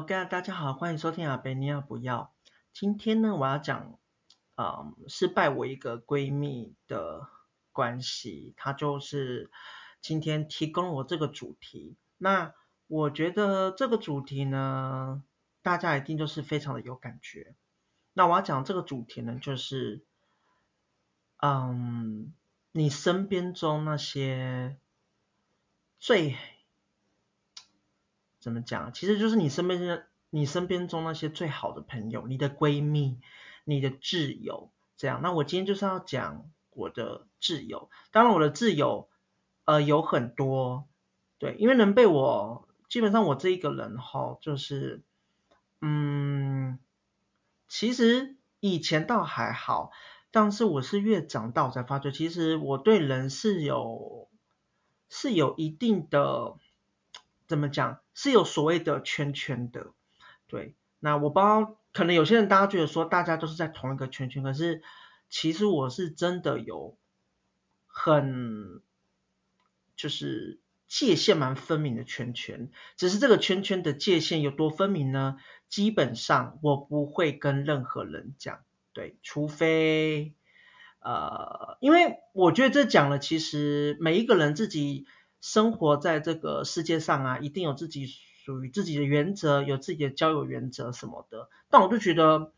大家好，歡迎收聽阿貝尼亞不要。今天呢，我要講，嗯，失敗我一個閨蜜的關係，她就是今天提供我這個主題。那我覺得這個主題呢，大家一定就是非常的有感覺。那我要講這個主題呢，就是，嗯，你身邊中那些最。怎麼講？其實就是你身邊、你身邊中那些最好的朋友，你的閨蜜、你的摯友，這樣。那我今天就是要講我的摯友。當然，我的摯友，呃，有很多。對，因為能被我，基本上我這一個人哈、哦，就是，嗯，其實以前倒還好，但是我是越長大我才發覺，其實我對人是有，是有一定的。怎麼講是有所謂的圈圈的，對。那我包可能有些人大家覺得說大家都是在同一個圈圈，可是其實我是真的有很就是界限蠻分明的圈圈。只是這個圈圈的界限有多分明呢？基本上我不會跟任何人講，對，除非呃，因為我覺得這講了，其實每一個人自己。生活在這個世界上啊，一定有自己屬於自己的原則，有自己的交友原則什麼的。但我就覺得，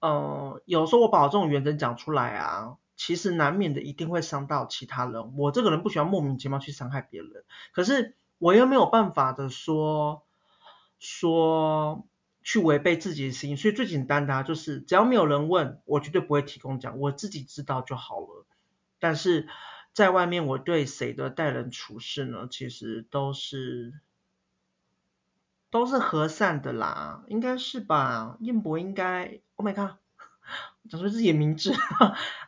嗯、呃，有時候我把我這種原則講出來啊，其實難免的一定會傷到其他人。我這個人不喜歡莫名其妙去傷害別人，可是我又沒有辦法的說，說去違背自己的心。所以最簡單的就是，只要沒有人問我，絕對不會提供講，我自己知道就好了。但是。在外面，我對誰的待人處事呢？其實都是，都是和善的啦，應該是吧？應博應該，Oh my god，講出自己的名字，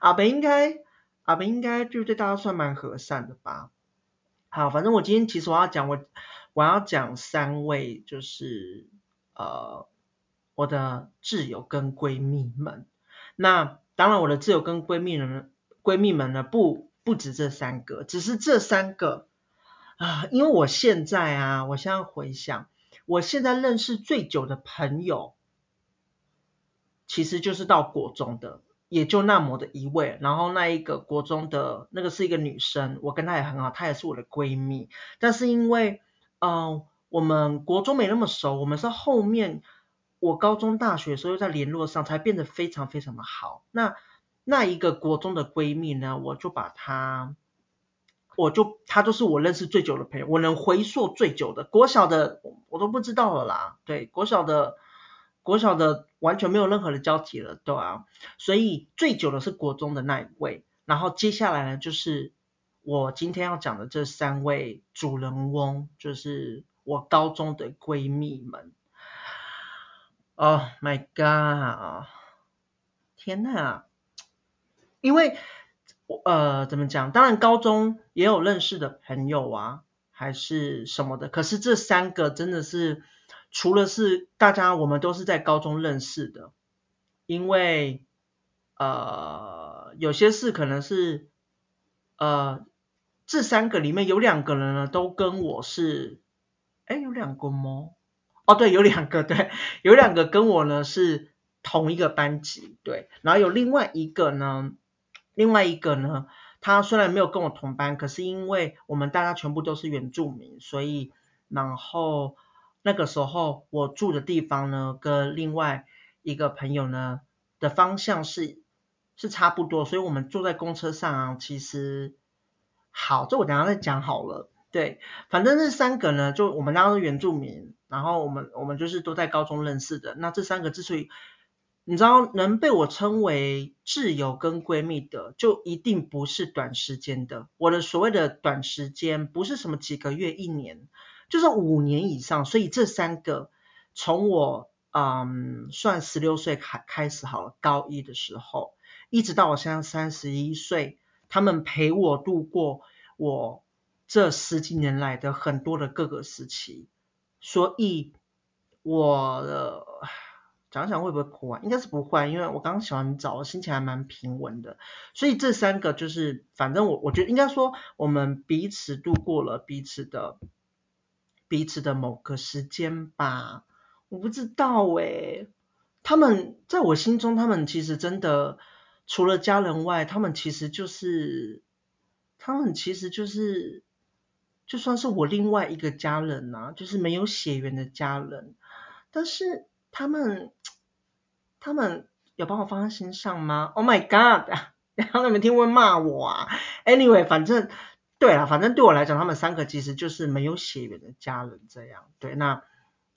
阿、啊、北應該，阿、啊、北應該就對大家算蠻和善的吧。好，反正我今天其實我要講我，我要講三位就是呃我的摯友跟閨蜜們。那當然，我的摯友跟閨蜜們，閨蜜們呢不。不止這三個，只是這三個啊、呃，因為我現在啊，我現在回想，我現在認識最久的朋友，其實就是到國中的，也就那麼的一位。然後那一個國中的那個是一個女生，我跟她也很好，她也是我的閨蜜。但是因為，嗯、呃，我們國中沒那麼熟，我們是後面我高中大學的時候又在聯絡上才變得非常非常的好。那那一個國中的閨蜜呢？我就把她，我就，她就是我認識最久的朋友，我能回溯最久的，國小的我都不知道了啦。對，國小的，國小的完全沒有任何的交集了，對啊。所以最久的是國中的那一位，然後接下來呢，就是我今天要講的這三位主人翁，就是我高中的閨蜜們。Oh my god！天哪！因為，呃怎麼講？當然高中也有認識的朋友啊，還是什麼的。可是這三個真的是，除了是大家我們都是在高中認識的，因為呃有些事可能是，呃這三個裡面有兩個人呢，都跟我是，哎有兩個嗎？哦對，有兩個對，有兩個跟我呢是同一個班級，對，然後有另外一個呢。另外一個呢，他雖然沒有跟我同班，可是因為我們大家全部都是原住民，所以然後那個時候我住的地方呢，跟另外一個朋友呢的方向是是差不多，所以我們坐在公車上啊，其實好，這我等下再講好了。對，反正這三個呢，就我們大家都是原住民，然後我們我們就是都在高中認識的。那這三個之所以你知道能被我稱為摯友跟閨蜜的，就一定不是短時間的。我的所謂的短時間，不是什麼幾個月、一年，就是五年以上。所以這三個，從我嗯算十六歲開開始好了，高一的時候，一直到我現在三十一歲，他們陪我度過我這十幾年來的很多的各個時期。所以我的，呃講講會不會哭啊？應該是不會，因為我剛洗完澡，心情還蠻平穩的。所以這三個就是，反正我我覺得應該說，我們彼此度過了彼此的彼此的某個時間吧。我不知道哎、欸，他們在我心中，他們其實真的除了家人外，他們其實就是他們其實就是就算是我另外一個家人啊，就是沒有血緣的家人，但是他們。他們有把我放在心上嗎？Oh my god！然後他們聽會罵我啊。Anyway，反正對啦，反正對我來講，他們三個其實就是沒有血緣的家人這樣。對，那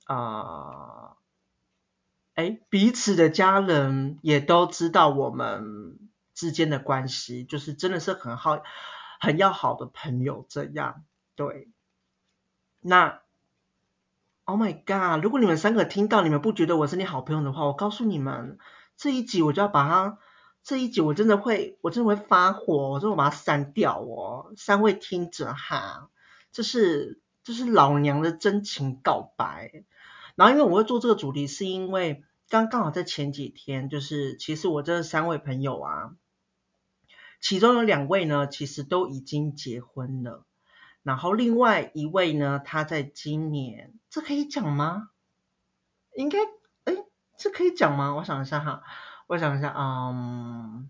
啊，誒、呃欸、彼此的家人也都知道我們之間的關係，就是真的是很好、很要好的朋友這樣。對，那。Oh my god！如果你們三個聽到，你們不覺得我是你好朋友的話，我告訴你們，這一集我就要把它，這一集我真的會，我真的會發火，我真的會把它刪掉哦，三位聽者哈，這是，這是老娘的真情告白。然後因為我會做這個主題，是因為剛剛好在前幾天，就是其實我這三位朋友啊，其中有兩位呢，其實都已經結婚了。然後另外一位呢，他在今年，這可以講嗎？應該，哎，這可以講嗎？我想一下哈，我想一下，嗯，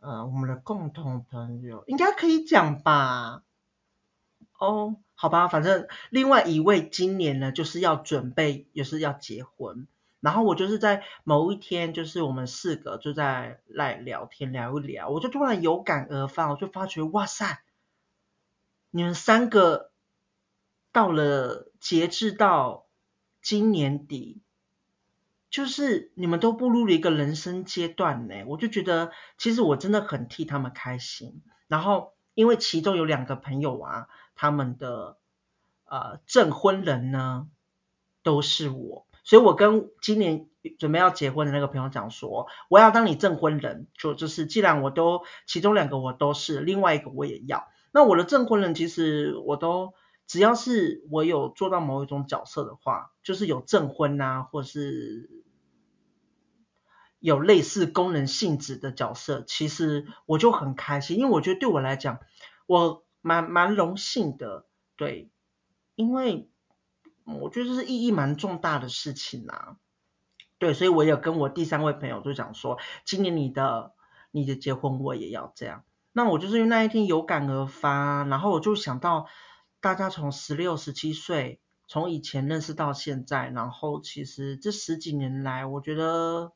呃，我們的共同朋友，應該可以講吧？哦，好吧，反正另外一位今年呢，就是要準備，也、就是要結婚。然後我就是在某一天，就是我們四個就在 LINE 聊天聊一聊，我就突然有感而發，我就發覺，哇塞！你們三個到了，截至到今年底，就是你們都步入了一個人生階段呢。我就覺得，其實我真的很替他們開心。然後，因為其中有兩個朋友啊，他們的，呃，證婚人呢，都是我，所以我跟今年準備要結婚的那個朋友講說，我要當你證婚人，就就是既然我都其中兩個我都是，另外一個我也要。那我的證婚人，其實我都只要是我有做到某一種角色的話，就是有證婚啊，或是有類似功能性質的角色，其實我就很開心，因為我覺得對我來講，我蠻蠻榮幸的，對，因為我覺得這是意義蠻重大的事情啊，對，所以我也跟我第三位朋友就講說，今年你的你的結婚我也要這樣。那我就是因為那一天有感而發，然後我就想到大家從十六、十七歲，從以前認識到現在，然後其實這十幾年來，我覺得，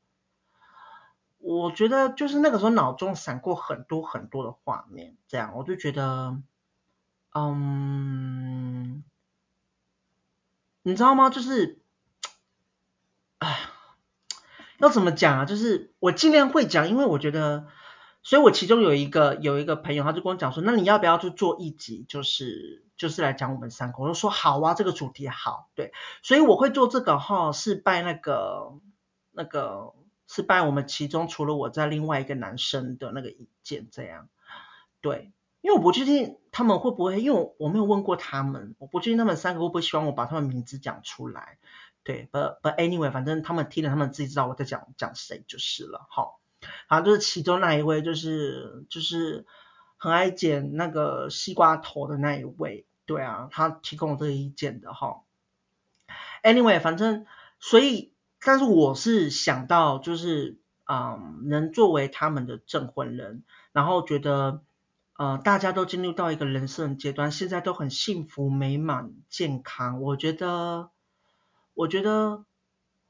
我覺得就是那個時候腦中閃過很多很多的畫面，這樣，我就覺得，嗯，你知道嗎？就是，唉，要怎麼講啊？就是我儘量會講，因為我覺得。所以，我其中有一個有一個朋友，他就跟我講說，那你要不要去做一集，就是就是來講我們三個。我就說好啊，這個主題好，對。所以我會做這個哈，是拜那個那個，是拜我們其中除了我在另外一個男生的那個意見這樣，對。因為我不確定他們會不會，因為我，我沒有問過他們，我不確定他們三個會不會希望我把他們名字講出來，對。But but anyway，反正他們聽了，他們自己知道我在講講誰就是了，好。好、啊，就是其中那一位，就是就是很愛剪那個西瓜頭的那一位，對啊，他提供這個意見的哈。Anyway，反正，所以，但是我是想到就是啊、呃，能作為他們的證婚人，然後覺得呃，大家都進入到一個人生階段，現在都很幸福、美滿、健康，我覺得我覺得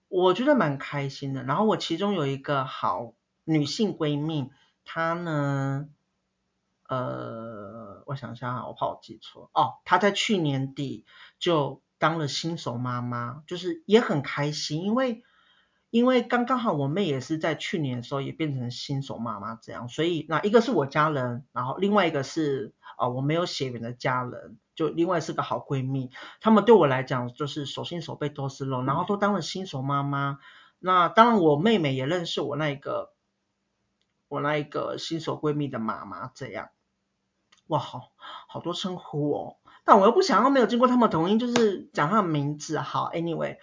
我覺得蠻開心的。然後我其中有一個好。女性閨蜜，她呢，呃，我想一下，我怕我記錯哦。她在去年底就當了新手媽媽，就是也很開心，因為因為剛剛好我妹也是在去年的時候也變成新手媽媽這樣，所以那一個是我家人，然後另外一個是啊，哦，我沒有血緣的家人，就另外是個好閨蜜，她們對我來講就是手心手背都是肉，然後都當了新手媽媽。嗯。那當然我妹妹也認識我那個。我那一個新手閨蜜的媽媽這樣，哇好，好多稱呼哦，但我又不想要沒有經過他們的同意，就是講他的名字好，anyway，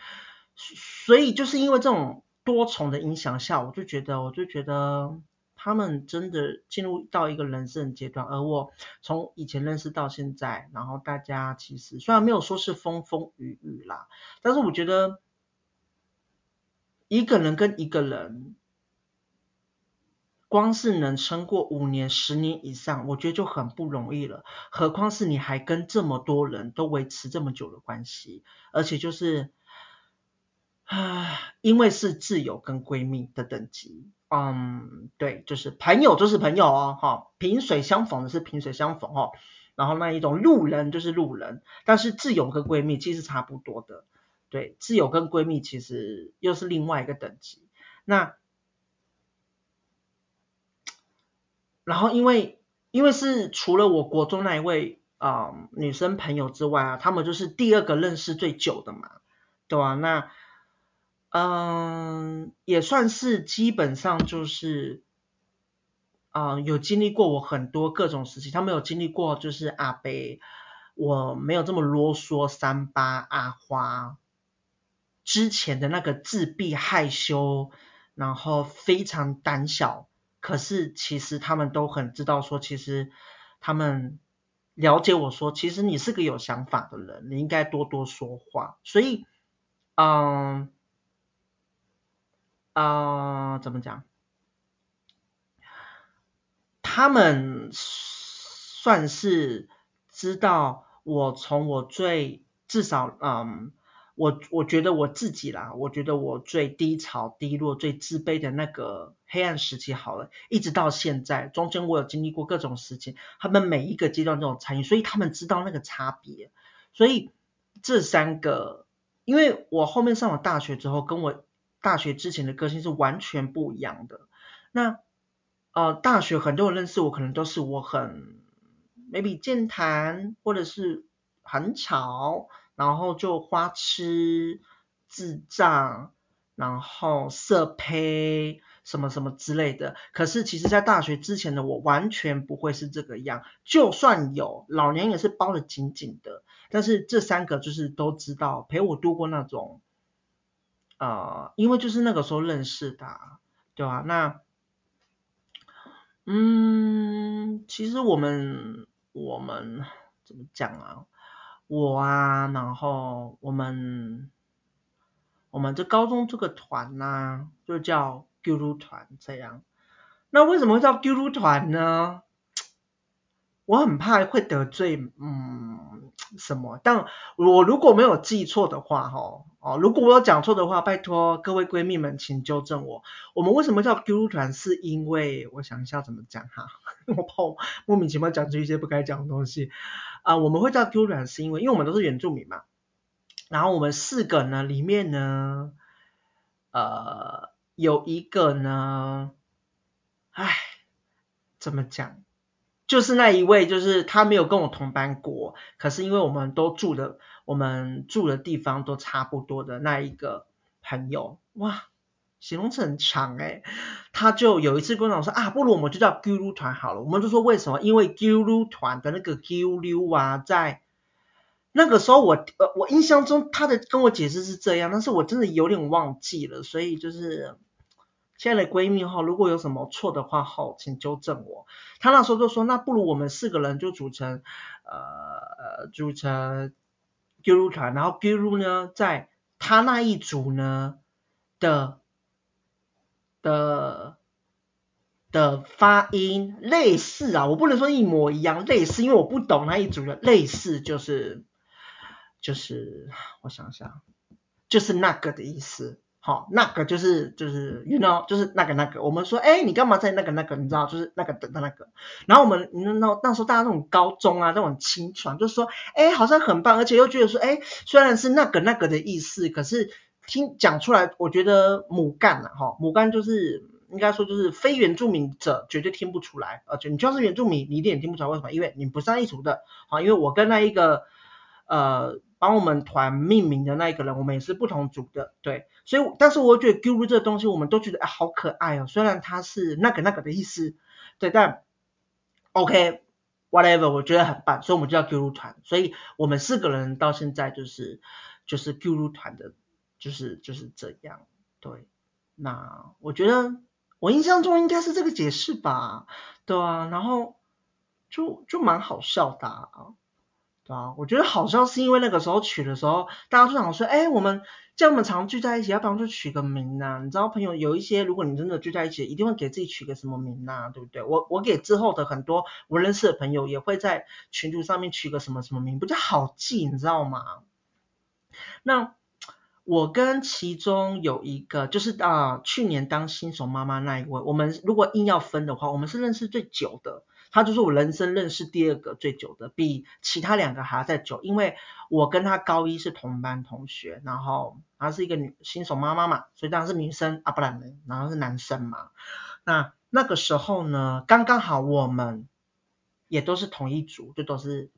所以就是因為這種多重的影響下，我就覺得我就覺得他們真的進入到一個人生階段，而我從以前認識到現在，然後大家其實雖然沒有說是風風雨雨啦，但是我覺得一個人跟一個人。光是能撐過五年、十年以上，我覺得就很不容易了。何況是你還跟這麼多人都維持這麼久的關係，而且就是，啊，因為是摯友跟閨蜜的等級，嗯，對，就是朋友就是朋友哦，哈，萍水相逢的是萍水相逢哦，然後那一種路人就是路人，但是摯友跟閨蜜其實差不多的，對，摯友跟閨蜜其實又是另外一個等級，那。然後因為因為是除了我國中那一位啊、呃、女生朋友之外啊，他們就是第二個認識最久的嘛，對吧？那嗯、呃、也算是基本上就是啊、呃、有經歷過我很多各種時期，他們有經歷過就是阿北，我沒有這麼囉嗦，三八阿花之前的那個自閉害羞，然後非常膽小。可是，其實他們都很知道說，其實他們了解我說，其實你是個有想法的人，你應該多多說話。所以，嗯，啊、嗯，怎麼講？他們算是知道我從我最至少，嗯。我我覺得我自己啦，我覺得我最低潮、低落、最自卑的那個黑暗時期，好了一直到現在，中間我有經歷過各種事情，他們每一個階段都有參與，所以他們知道那個差別。所以這三個，因為我後面上了大學之後，跟我大學之前的個性是完全不一樣的。那呃，大學很多人認識我，可能都是我很 maybe 健談，或者是很吵。然後就花痴、智障，然後色胚什麼什麼之類的。可是其實，在大學之前的我完全不會是這個樣，就算有，老娘也是包得緊緊的。但是這三個就是都知道陪我度過那種，呃，因為就是那個時候認識的啊，對吧？那，嗯，其實我們我們怎麼講啊？我啊，然後我們我們這高中這個團呢、啊，就叫丟丟團這樣。那為什麼會叫丟丟團呢？我很怕會得罪，嗯，什麼？但我如果沒有記錯的話，哈，哦，如果我有講錯的話，拜託各位閨蜜們，請糾正我。我們為什麼叫 Q 團？是因為我想一下怎麼講哈、啊，我怕我莫名其妙講出一些不該講的東西。啊、呃，我們會叫 Q 團是因為，因為我們都是原住民嘛。然後我們四個呢，裡面呢，呃，有一個呢，哎，怎麼講？就是那一位，就是他沒有跟我同班過，可是因為我們都住的，我們住的地方都差不多的那一個朋友，哇，形容詞很強哎，他就有一次跟我說啊，不如我們就叫咕 q 團好了，我們就說，為什麼？因為咕 q 團的那個咕 q 啊，在那個時候我我印象中他的跟我解釋是這樣，但是我真的有點忘記了，所以就是。親愛的閨蜜哈，如果有什麼錯的話好，請糾正我。他那時候就說，那不如我們四個人就組成，呃，組成 Giruka，然後 Giru 呢，在他那一組呢的的的發音類似啊，我不能說一模一樣，類似，因為我不懂那一組的類似、就是，就是就是我想想，就是那個的意思。好，那個就是就是，you know，就是那個那個，我們說，哎、欸，你幹嘛在那個那個？你知道，就是那個的那個。然後我們 you know 那時候大家那種高中啊，那種青春，就是說，哎、欸，好像很棒，而且又覺得說，哎、欸，雖然是那個那個的意思，可是聽講出來，我覺得母幹了，哈，母幹就是應該說就是非原住民者絕對聽不出來，而且你就要是原住民，你一定也聽不出來為什麼？因為你不上那一族的，啊，因為我跟那一個，呃。幫我們團命名的那一個人，我們也是不同組的，對，所以但是我覺得 Guru 這個東西，我們都覺得、哎、好可愛哦，雖然他是那個那個的意思，對，但 OK whatever 我覺得很棒，所以我們就叫 Guru 團，所以我們四個人到現在就是就是 Guru 團的，就是、就是、就是這樣，對，那我覺得我印象中應該是這個解釋吧，對啊，然後就就蠻好笑的啊。對啊，我覺得好像是因為那個時候取的時候，大家都想說，哎，我們這樣我們常聚在一起，要不然就取個名呢、啊。你知道朋友有一些，如果你真的聚在一起，一定會給自己取個什麼名吶、啊，對不對？我我給之後的很多我認識的朋友，也會在群組上面取個什麼什麼名，不就好記，你知道嗎？那我跟其中有一個，就是啊、呃，去年當新手媽媽那一位，我們如果硬要分的話，我們是認識最久的。他就是我人生認識第二個最久的，比其他兩個還要再久，因為我跟他高一是同班同學，然後他是一個女新手媽媽嘛，所以當然是女生，啊不然呢，然後是男生嘛。那那個時候呢，剛剛好我們也都是同一組，就都是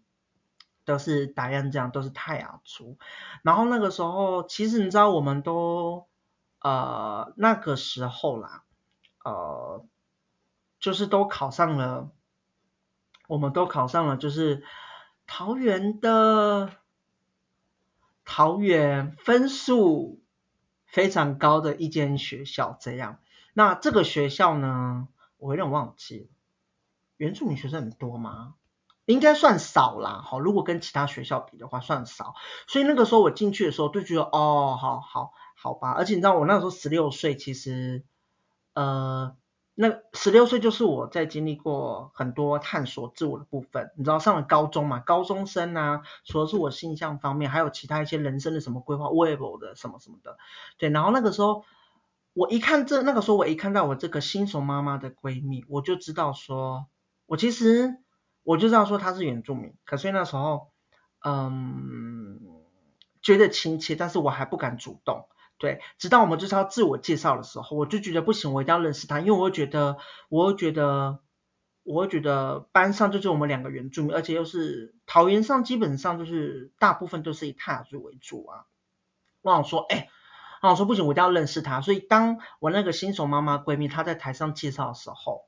都是打樣這樣，都是太陽族。然後那個時候，其實你知道我們都呃那個時候啦，呃，就是都考上了。我們都考上了，就是桃園的桃園分數非常高的一間學校，這樣。那這個學校呢，我有點忘記了。原住民學生很多嗎？應該算少啦，好，如果跟其他學校比的話，算少。所以那個時候我進去的時候就覺得，哦，好，好，好吧。而且你知道，我那時候十六歲，其實，呃。那十六歲就是我在經歷過很多探索自我的部分，你知道上了高中嘛？高中生啊，除了是我性向方面，還有其他一些人生的什麼規劃，whatever 的什麼什麼的。對，然後那個時候，我一看這，那個時候我一看到我這個新手媽媽的閨蜜，我就知道說，我其實我就知道說她是原住民，可是那時候，嗯，覺得親切，但是我還不敢主動。對，直到我們就是要自我介紹的時候，我就覺得不行，我一定要認識他，因為我覺得，我覺得，我覺得班上就是我們兩個原住民，而且又是桃園上基本上就是大部分都是以泰雅族為主啊。那我好說，哎、欸，那我說不行，我一定要認識他。所以當我那個新手媽媽閨蜜她在台上介紹的時候，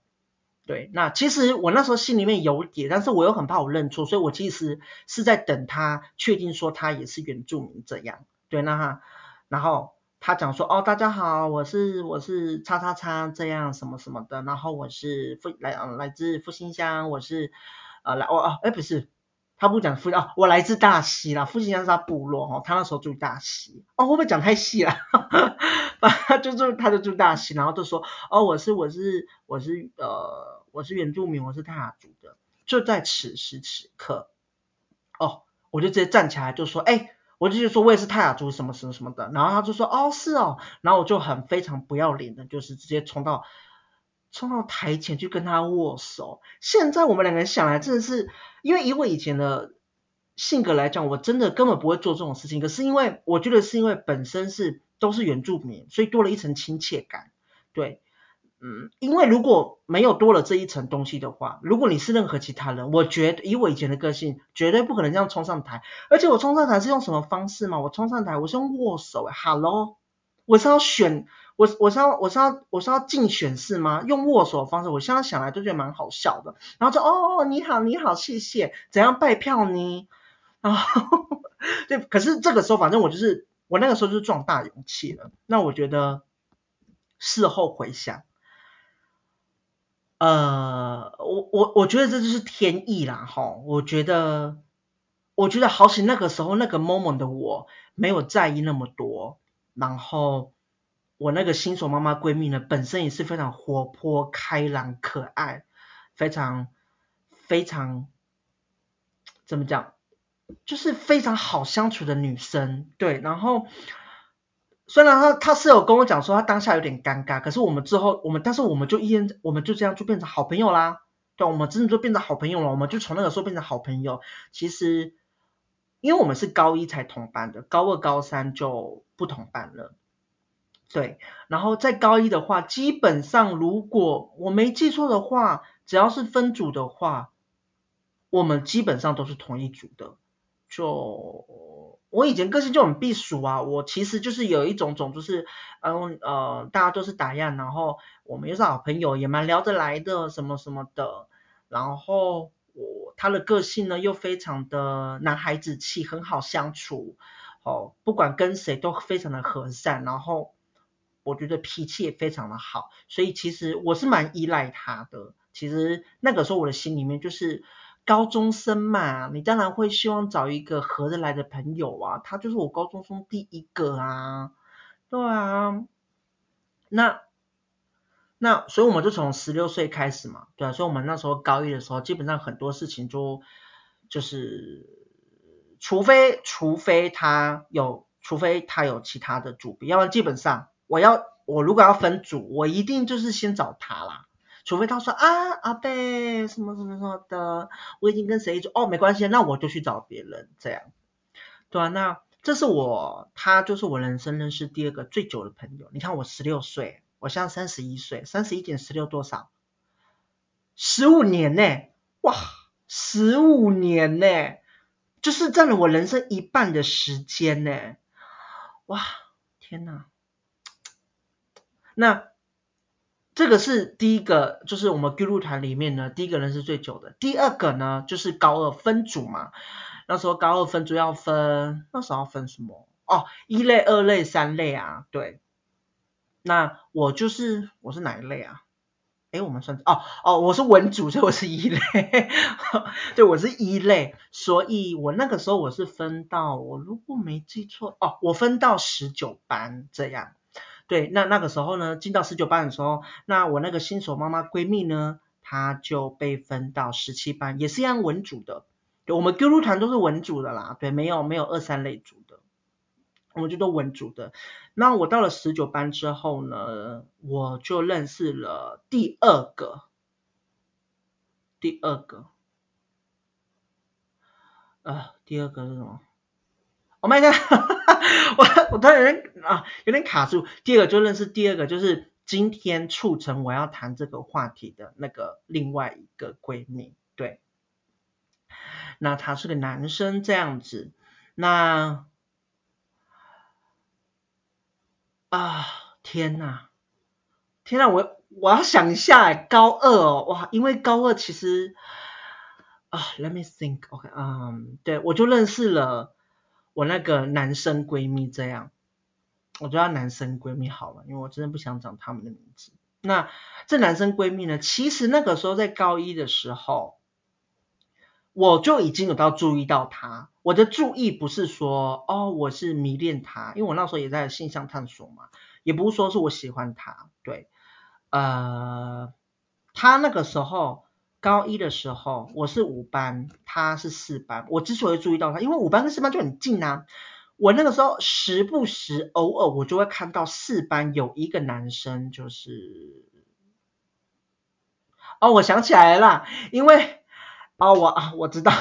對，那其實我那時候心裡面有底，但是我又很怕我認錯，所以我其實是在等他確定說他也是原住民這樣。對，那然後。他講說哦，大家好，我是我是叉叉叉這樣什麼什麼的，然後我是復來、嗯、來自復興鄉，我是啊、呃、來我哦哎、哦、不是，他不講復興哦，我來自大溪啦，復興鄉是他部落哦，他那時候住大溪哦，會不會講太細啦？哈哈，就住他就住大溪，然後就說哦我是我是我是，我是呃我是原住民，我是泰雅族的，就在此時此刻哦，我就直接站起來就說誒我就說，我也是泰雅族，什麼什麼什麼的，然後他就說，哦，是哦，然後我就很非常不要臉的，就是直接衝到衝到台前去跟他握手。現在我們兩個人想來，真的是因為以我以前的性格來講，我真的根本不會做這種事情。可是因為我覺得是因為本身是都是原住民，所以多了一層親切感，對。嗯，因為如果沒有多了這一層東西的話，如果你是任何其他人，我絕以我以前的個性，絕對不可能這樣衝上台。而且我衝上台是用什麼方式嘛？我衝上台我是用握手，欸，Hello，我是要選我我是要我是要我是要競選是嗎？用握手的方式，我現在想來都覺得蠻好笑的。然後就哦你好你好謝謝，怎樣拜票呢？然後 對，可是這個時候反正我就是我那個時候就是壯大勇氣了。那我覺得事後回想。呃，我我我覺得這就是天意啦，吼，我覺得，我覺得好像那個時候那個 moment 的我沒有在意那麼多，然後我那個新手媽媽閨蜜呢，本身也是非常活潑、開朗、可愛，非常非常怎麼講，就是非常好相處的女生，對，然後。雖然他他室友跟我講說他當下有點尷尬，可是我們之後我們但是我們就一，我們就這樣就變成好朋友啦，對，我們真的就變成好朋友了。我們就從那個時候變成好朋友。其實，因為我們是高一才同班的，高二高三就不同班了。對，然後在高一的話，基本上如果我沒記錯的話，只要是分組的話，我們基本上都是同一組的。就我以前個性就很避暑啊，我其實就是有一種種就是，嗯呃，大家都是打樣，然後我們又是好朋友，也蠻聊得來的，什麼什麼的。然後我他的個性呢又非常的男孩子氣，很好相處，哦，不管跟誰都非常的和善，然後我覺得脾氣也非常的好，所以其實我是蠻依賴他的。其實那個時候我的心裡面就是。高中生嘛，你當然會希望找一個合得來的朋友啊，他就是我高中生第一個啊，對啊，那那所以我們就從十六歲開始嘛，對啊，所以我們那時候高一的時候，基本上很多事情就就是，除非除非他有，除非他有其他的主，要不然基本上我要我如果要分組，我一定就是先找他啦。除非他說啊阿貝什麼什麼什麼的，我已經跟誰說哦沒關係，那我就去找別人這樣，對啊，那這是我他就是我人生認識第二個最久的朋友，你看我十六歲，我現在三十一歲，三十一減十六多少？十五年呢、欸，哇，十五年呢、欸，就是占了我人生一半的時間呢、欸，哇，天哪，那。這個是第一個，就是我們 Q 路團裡面呢，第一個人是最久的。第二個呢，就是高二分組嘛。那時候高二分組要分，那時候要分什麼？哦，一類、二類、三類啊。對，那我就是我是哪一類啊？誒我們算哦哦，我是文組，所以我是一類。 對，我是一類，所以我那個時候我是分到我如果沒記錯哦，我分到十九班這樣。對，那那個時候呢，進到十九班的時候，那我那個新手媽媽閨蜜呢，她就被分到十七班，也是一樣文組的。對，我們 QQ 團都是文組的啦，對，沒有沒有二三類組的，我們就都文組的。那我到了十九班之後呢，我就認識了第二個，第二個，啊、呃，第二個是什麼？Oh my God, 我們來看，我我突然有點，啊有點卡住。第二個就認識第二個，就是今天促成我要談這個話題的那個另外一個閨蜜。對，那他是個男生這樣子。那啊天哪，天哪，我我要想一下哎，高二哦哇，因為高二其實啊，Let me think，OK，okay, 嗯、um, 對我就認識了。我那個男生閨蜜這樣，我就叫男生閨蜜好了，因為我真的不想講他們的名字。那這男生閨蜜呢，其實那個時候在高一的時候，我就已經有到注意到他。我的注意不是說哦我是迷戀他，因為我那時候也在性向探索嘛，也不是說是我喜歡他，對，呃，他那個時候。高一的時候，我是五班，他是四班。我之所以注意到他，因為五班跟四班就很近啊。我那個時候時不時、偶爾，我就會看到四班有一個男生，就是，哦，我想起來了，因為，哦，我啊，我知道，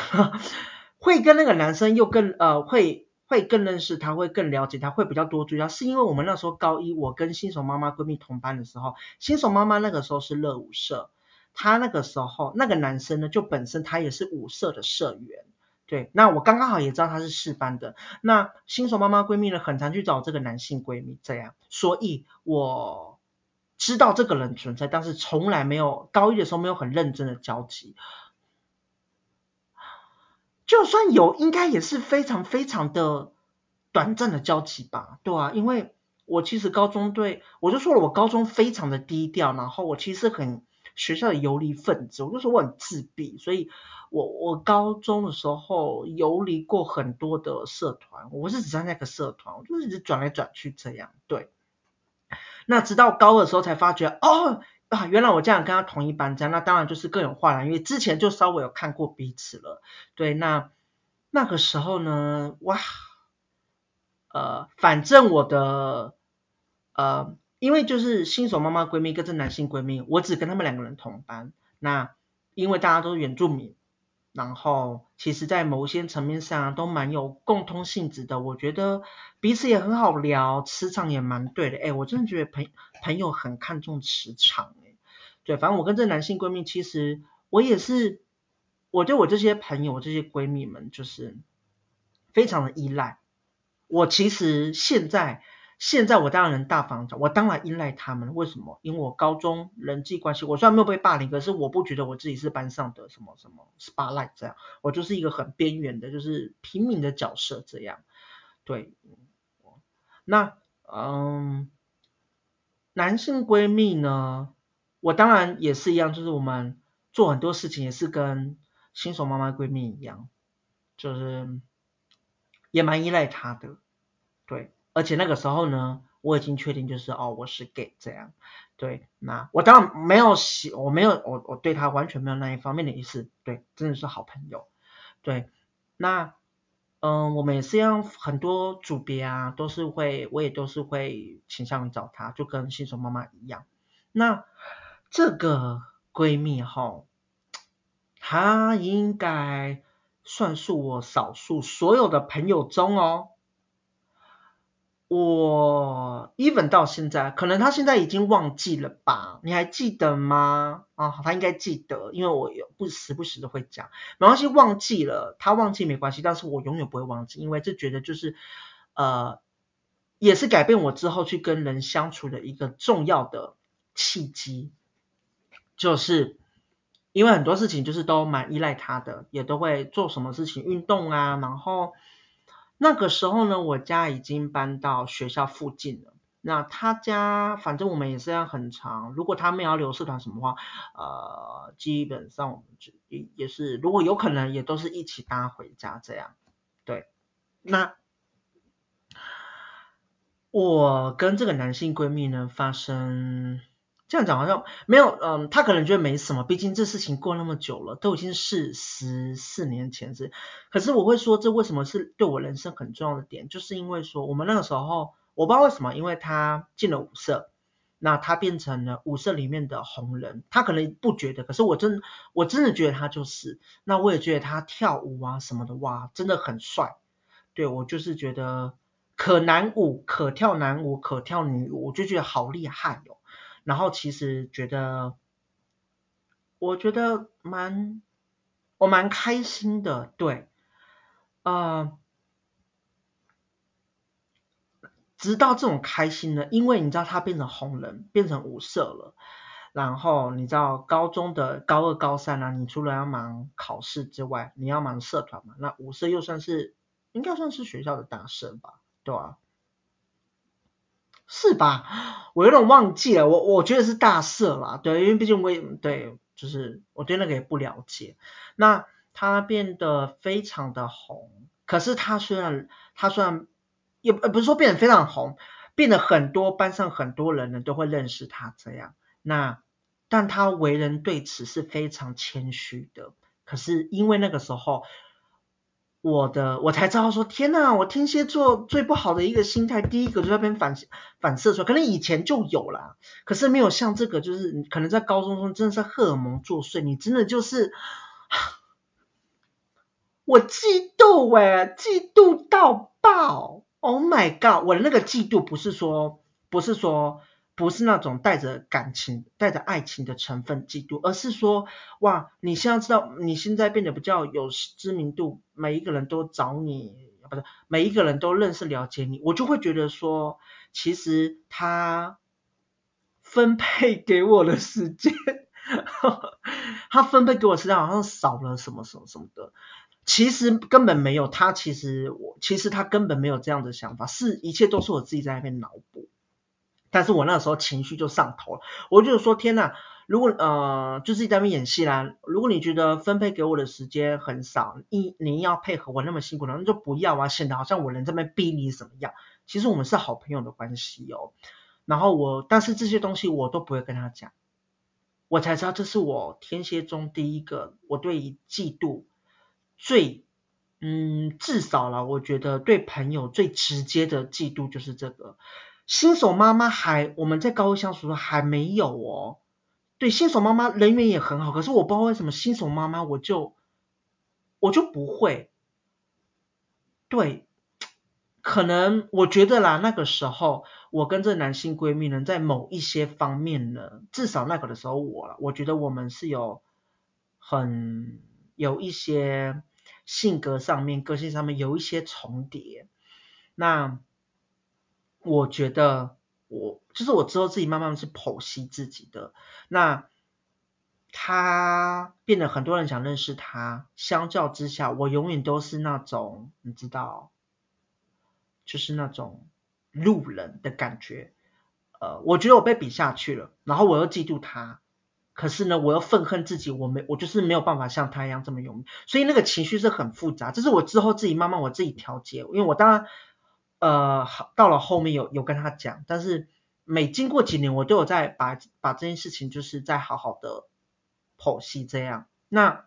會跟那個男生又更呃會會更認識他，會更了解他，會比較多注意他，是因為我們那時候高一，我跟新手媽媽閨蜜同班的時候，新手媽媽那個時候是熱舞社。他那個時候，那個男生呢，就本身他也是舞社的社員，對。那我剛剛好也知道他是四班的。那新手媽媽閨蜜呢，很常去找這個男性閨蜜這樣，所以我知道這個人存在，但是從來沒有高一的時候沒有很認真的交集，就算有，應該也是非常非常的短暫的交集吧？對啊，因為我其實高中對，我就說了，我高中非常的低調，然後我其實很。學校的游離分子，我就說我很自閉，所以我我高中的時候游離過很多的社團，我不是只在那個社團，我就一直轉來轉去這樣，對。那直到高二的時候才發覺，哦啊，原來我這樣跟他同一班，這樣，那當然就是更有話了，因為之前就稍微有看過彼此了，對。那那個時候呢，哇，呃，反正我的呃。因為就是新手媽媽閨蜜跟這男性閨蜜，我只跟他們兩個人同班。那因為大家都是原住民，然後其實在某些層面上、啊、都蠻有共通性質的。我覺得彼此也很好聊，磁場也蠻對的。誒我真的覺得朋朋友很看重磁場、欸、對，反正我跟這男性閨蜜，其實我也是，我對我這些朋友這些閨蜜們就是非常的依賴。我其實現在。現在我當然能大方走，我當然依賴他們。為什麼？因為我高中人際關係，我雖然沒有被霸凌，可是我不覺得我自己是班上的什麼什麼 spotlight 這樣，我就是一個很邊緣的，就是平民的角色這樣。對，那嗯、呃，男性閨蜜呢，我當然也是一樣，就是我們做很多事情也是跟新手媽媽閨蜜一樣，就是也蠻依賴他的，對。而且那個時候呢，我已經確定就是哦，我是 gay 這樣，對，那我當然沒有喜，我沒有，我我對他完全沒有那一方面的意思，對，真的是好朋友，對，那嗯、呃，我們也是讓很多組別啊，都是會，我也都是會傾向於找她，就跟新手媽媽一樣。那這個閨蜜哈、哦，她應該算是我少數所有的朋友中哦。我 even 到現在，可能他現在已經忘記了吧？你還記得嗎？啊，他應該記得，因為我有不時不時的會講。沒關係，忘記了，他忘記沒關係，但是我永遠不會忘記，因為這覺得就是，呃，也是改變我之後去跟人相處的一個重要的契機，就是因為很多事情就是都蠻依賴他的，也都會做什麼事情，運動啊，然後。那個時候呢，我家已經搬到學校附近了。那他家反正我們也是要很長，如果他們要留社團什麼話，呃，基本上我們就也也是，如果有可能也都是一起搭回家這樣。對，那我跟這個男性閨蜜呢發生。這樣講好像沒有，嗯，他可能覺得沒什麼，畢竟這事情過那麼久了，都已經是十四年前的事。可是我會說，這為什麼是對我人生很重要的點，就是因為說我們那個時候，我不知道為什麼，因為他進了舞社，那他變成了舞社裡面的紅人。他可能不覺得，可是我真我真的覺得他就是。那我也覺得他跳舞啊什麼的哇，真的很帥。對，我就是覺得可男舞可跳男舞可跳女舞，我就覺得好厲害哦。然後其實覺得，我覺得蠻，我蠻開心的，對，呃，直到這種開心呢，因為你知道他變成紅人，變成五社了，然後你知道高中的高二、高三啊，你除了要忙考試之外，你要忙社團嘛，那五社又算是，應該算是學校的大社吧，對吧？啊？是吧？我有點忘記了。我我覺得是大舍啦，對，因為畢竟我也對，就是我對那個也不了解。那他變得非常的紅，可是他雖然他雖然也不是說變得非常紅，變得很多班上很多人呢都會認識他這樣。那但他為人對此是非常謙虛的。可是因為那個時候。我的我才知道說，天哪！我天蠍座最不好的一個心態，第一個就在那邊反反射出來，可能以前就有了，可是沒有像這個，就是可能在高中中真的是荷爾蒙作祟，你真的就是我嫉妒誒、欸，嫉妒到爆！Oh my god！我的那個嫉妒不是說不是說。不是那種帶着感情、帶着愛情的成分嫉妒，而是說，哇，你現在知道你現在變得比較有知名度，每一個人都找你，不是每一個人都認識了解你，我就會覺得說，其實他分配給我的時間， 他分配給我時間好像少了什麼什麼什麼的，其實根本沒有，他其實我其實他根本沒有這樣的想法，是一切都是我自己在那邊腦補。但是我那個時候情緒就上頭了，我就說天吶，如果呃，就是在那邊演戲啦，如果你覺得分配給我的時間很少，你你要配合我那麼辛苦，那就不要啊，顯得好像我人在那邊逼你怎麼樣？其實我們是好朋友的關係哦。然後我，但是這些東西我都不會跟他講，我才知道這是我天蠍中第一個我對於嫉妒最，嗯，至少了，我覺得對朋友最直接的嫉妒就是這個。新手媽媽還，我們在高位相處了還沒有哦。對，新手媽媽人緣也很好，可是我不知道為什麼新手媽媽我就我就不會。對，可能我覺得啦，那個時候我跟這男性閨蜜呢，在某一些方面呢，至少那個的時候我，我覺得我們是有很有一些性格上面、個性上面有一些重疊。那。我覺得我就是我之後自己慢慢是剖析自己的，那他變得很多人想認識他，相較之下，我永遠都是那種你知道，就是那種路人的感覺。呃，我覺得我被比下去了，然後我又嫉妒他，可是呢，我又憤恨自己，我沒我就是沒有辦法像他一樣這麼勇。所以那個情緒是很複雜。這是我之後自己慢慢我自己調節，因為我當然。呃，好，到了後面有有跟他講，但是每經過幾年，我都有在把把這件事情，就是再好好的剖析這樣。那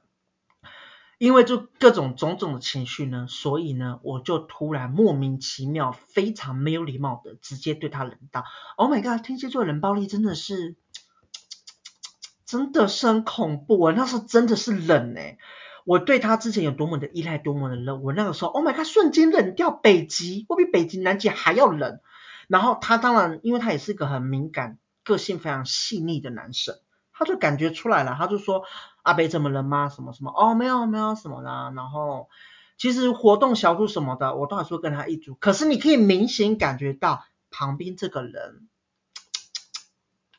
因為就各種種種的情緒呢，所以呢，我就突然莫名其妙，非常沒有禮貌的，直接對他冷淡。Oh my god，天蠍座冷暴力真的是真的是很恐怖，啊，那時候真的是冷呢，欸。我對他之前有多麼的依賴，多麼的熱，我那個時候，Oh my god，瞬間冷掉北極，我比北極南極還要冷。然後他當然，因為他也是一個很敏感、個性非常細膩的男生，他就感覺出來了，他就說：“阿北這麼冷嗎？什麼什麼？哦，沒有沒有什麼啦。”然後其實活動小組什麼的，我都還說跟他一組，可是你可以明顯感覺到旁邊這個人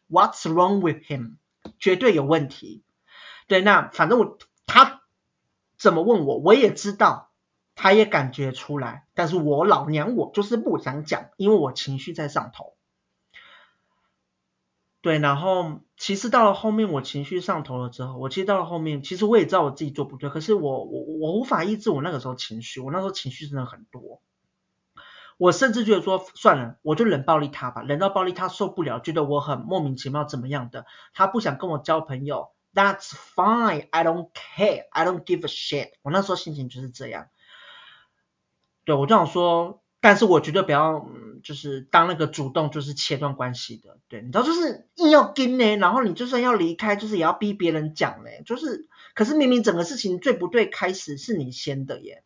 ，What's wrong with him？絕對有問題。對，那反正我他。怎麼問我，我也知道，他也感覺出來，但是我老娘我就是不想講，因為我情緒在上頭。對，然後其實到了後面，我情緒上頭了之後，我其實到了後面，其實我也知道我自己做不對，可是我我我無法抑制我那個時候情緒，我那時候情緒真的很多，我甚至覺得說算了，我就冷暴力他吧，冷到暴力他受不了，覺得我很莫名其妙怎麼樣的，他不想跟我交朋友。That's fine. I don't care. I don't give a shit. 我那時候心情就是這樣。對，我就想說，但是我絕對不要，嗯、就是當那個主動，就是切斷關係的。對，你知道，就是硬要跟呢，然後你就算要離開，就是也要逼別人講嘞，就是。可是明明整個事情最不對開始是你先的耶。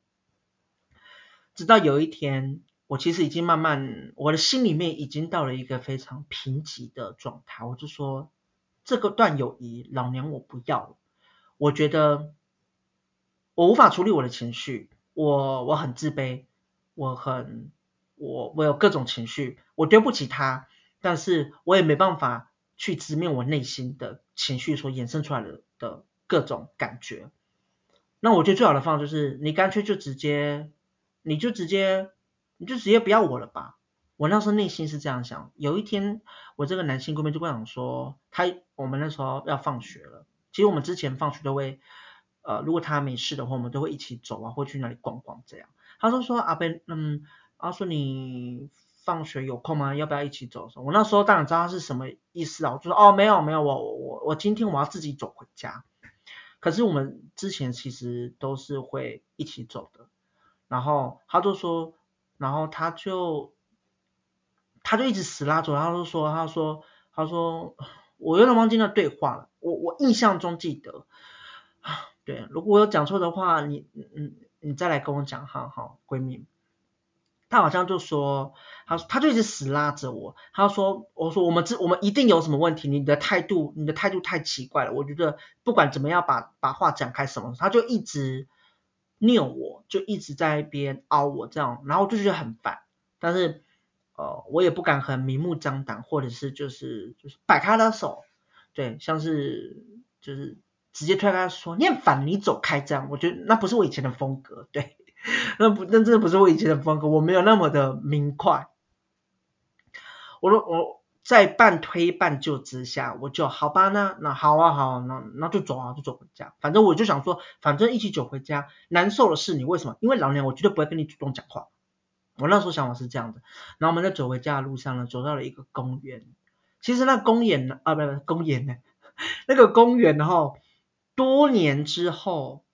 直到有一天，我其實已經慢慢，我的心裡面已經到了一個非常貧瘠的狀態，我就說。這個斷友誼，老娘，我不要了。我覺得我無法處理我的情緒，我我很自卑，我很我我有各種情緒，我丟不起他，但是我也沒辦法去直面我內心的情緒所衍生出來的的各種感覺。那我覺得最好的方法就是，你乾脆就直接，你就直接，你就直接不要我了吧。我那時候內心是這樣想，有一天我這個男性閨蜜就跟我講說，他我們那時候要放學了，其實我們之前放學都會，呃，如果他沒事的話，我們都會一起走啊，或去那裡逛逛這樣。他就說，阿貝，嗯，他說你放學有空嗎？要不要一起走？我那時候當然知道他是什麼意思啊，我就說哦，沒有沒有，我我我我今天我要自己走回家。可是我們之前其實都是會一起走的，然後他就說，然後他就。他就一直死拉着我，他就說，他說，他說，他說，我有點忘記那對話了，我我印象中記得，對，如果我有講錯的話，你嗯嗯，你再來跟我講好哈，閨蜜，他好像就說，他他就一直死拉着我，他說，我說我們之我們一定有什麼問題，你的態度你的態度太奇怪了，我覺得不管怎麼樣把把話講開什麼，他就一直拗我，就一直在一邊凹我這樣，然後就覺得很煩，但是。哦、呃，我也不敢很明目張膽，或者是就是就是擺開他的手，對，像是就是直接推開說，你很煩，你走開這樣，我覺得那不是我以前的風格，對，那不那這不是我以前的風格，我沒有那麼的明快。我說我在半推半就之下，我就好吧，那那好啊好啊，那那就走啊就走回家。反正我就想說，反正一起走回家，難受的是你為什麼？因為老娘我絕對不會跟你主動講話。我那時候想法是這樣的，然後我們在走回家的路上呢，走到了一個公園。其實那公園呢，啊，不不，不，公園呢，那個公園，然後多年之後，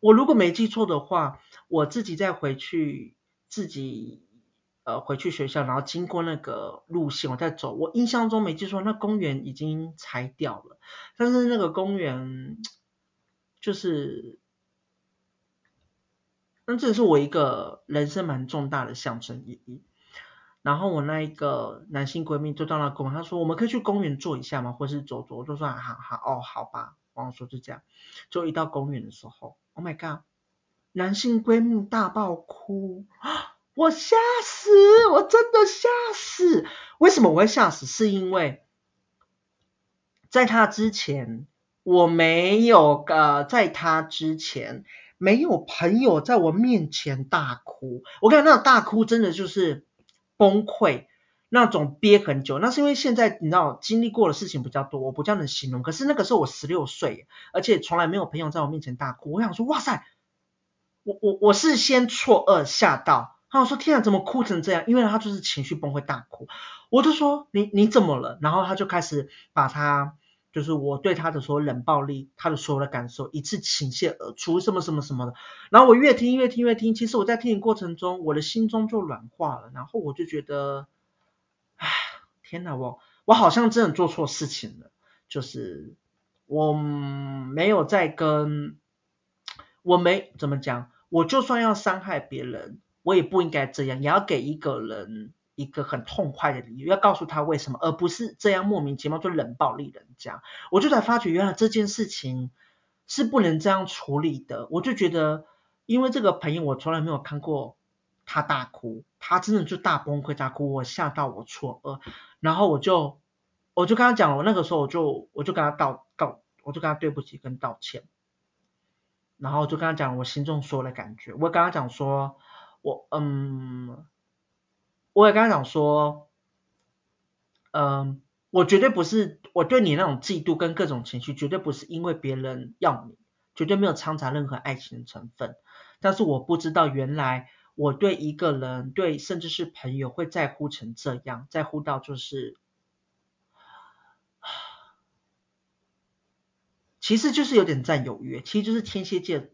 我如果沒記錯的話，我自己再回去，自己呃回去學校，然後經過那個路線，我在走。我印象中沒記錯，那公園已經拆掉了，但是那個公園就是。那這是我一個人生蠻重大的象徵意義。然後我那一個男性閨蜜就到那公，他說：“我們可以去公園坐一下嗎？或是走走，我就算好好哦，好吧。”我說就這樣。就一到公園的時候，Oh my god！男性閨蜜大爆哭，我嚇死，我真的嚇死。為什麼我會嚇死？是因為在他之前，我沒有呃，在他之前。沒有朋友在我面前大哭，我看到那種大哭真的就是崩潰，那種憋很久，那是因為現在你知道經歷過的事情比較多，我比較能形容。可是那個時候我十六歲，而且從來沒有朋友在我面前大哭。我想說，哇塞，我我我是先錯愕嚇到，然後說天啊，怎麼哭成這樣？因為他就是情緒崩潰大哭，我就說你你怎麼了？然後他就開始把他。就是我對他的所有冷暴力，他的所有的感受，一次傾瀉而出，什麼什麼什麼的。然後我越聽越聽越聽，其實我在聽的過程中，我的心中就軟化了。然後我就覺得，哎，天哪，我我好像真的做錯事情了。就是我沒有在跟，我沒，怎麼講，我就算要傷害別人，我也不應該這樣，也要給一個人，一個很痛快的理由，要告訴他為什麼，而不是這樣莫名其妙就冷暴力人家。我就才發覺，原來這件事情是不能這樣處理的。我就覺得，因為這個朋友，我從來沒有看過他大哭，他真的就大崩潰大哭，我嚇到我錯愕。然後我就，我就跟他講，我那個時候我就，我就跟他道道，我就跟他對不起跟道歉。然後我就跟他講，我心中說的感覺，我跟他講說，我嗯。我也剛剛講說，嗯，我絕對不是，我對你那種嫉妒跟各種情緒，絕對不是因為別人要你，絕對沒有摻雜任何愛情的成分。但是我不知道原來我對一個人，對甚至是朋友會在乎成這樣，在乎到就是，其實就是有點佔有慾，其實就是天蠍界。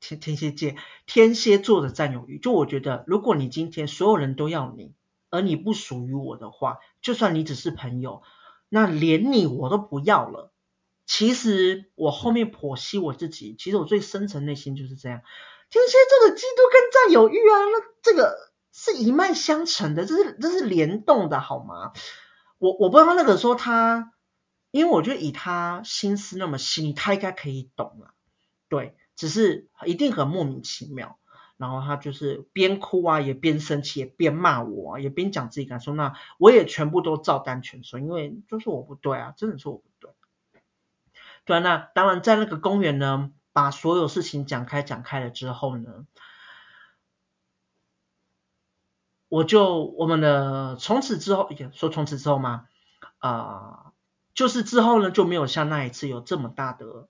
天天蠍座，天蠍座的佔有慾，就我覺得，如果你今天所有人都要你，而你不屬於我的話，就算你只是朋友，那連你我都不要了。其實我後面剖析我自己，其實我最深層內心就是這樣，天蠍座的嫉妒跟佔有慾啊，那這個是一脈相承的，這是這是聯動的，好嗎？我我不知道那個說他，因為我覺得以他心思那麼細膩，他應該可以懂啦，對。只是一定很莫名其妙，然後他就是邊哭啊，也邊生氣，也邊罵我啊，也邊講自己感受。那我也全部都照單全收，因為就是我不對啊，真的是我不對。對，那當然在那個公園呢，把所有事情講開講開了之後呢，我就我們的從此之後，也說從此之後嘛，啊、呃，就是之後呢就沒有像那一次有這麼大的。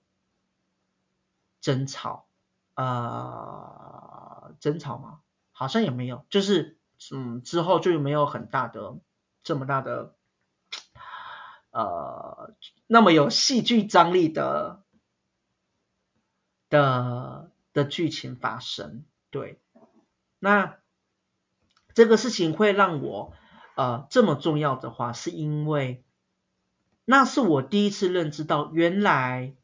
爭吵，呃，爭吵嗎？好像也沒有，就是，嗯，之後就沒有很大的這麼大的，呃，那麼有戲劇張力的的的劇情發生。對，那這個事情會讓我呃這麼重要的話，是因為那是我第一次認知到，原來。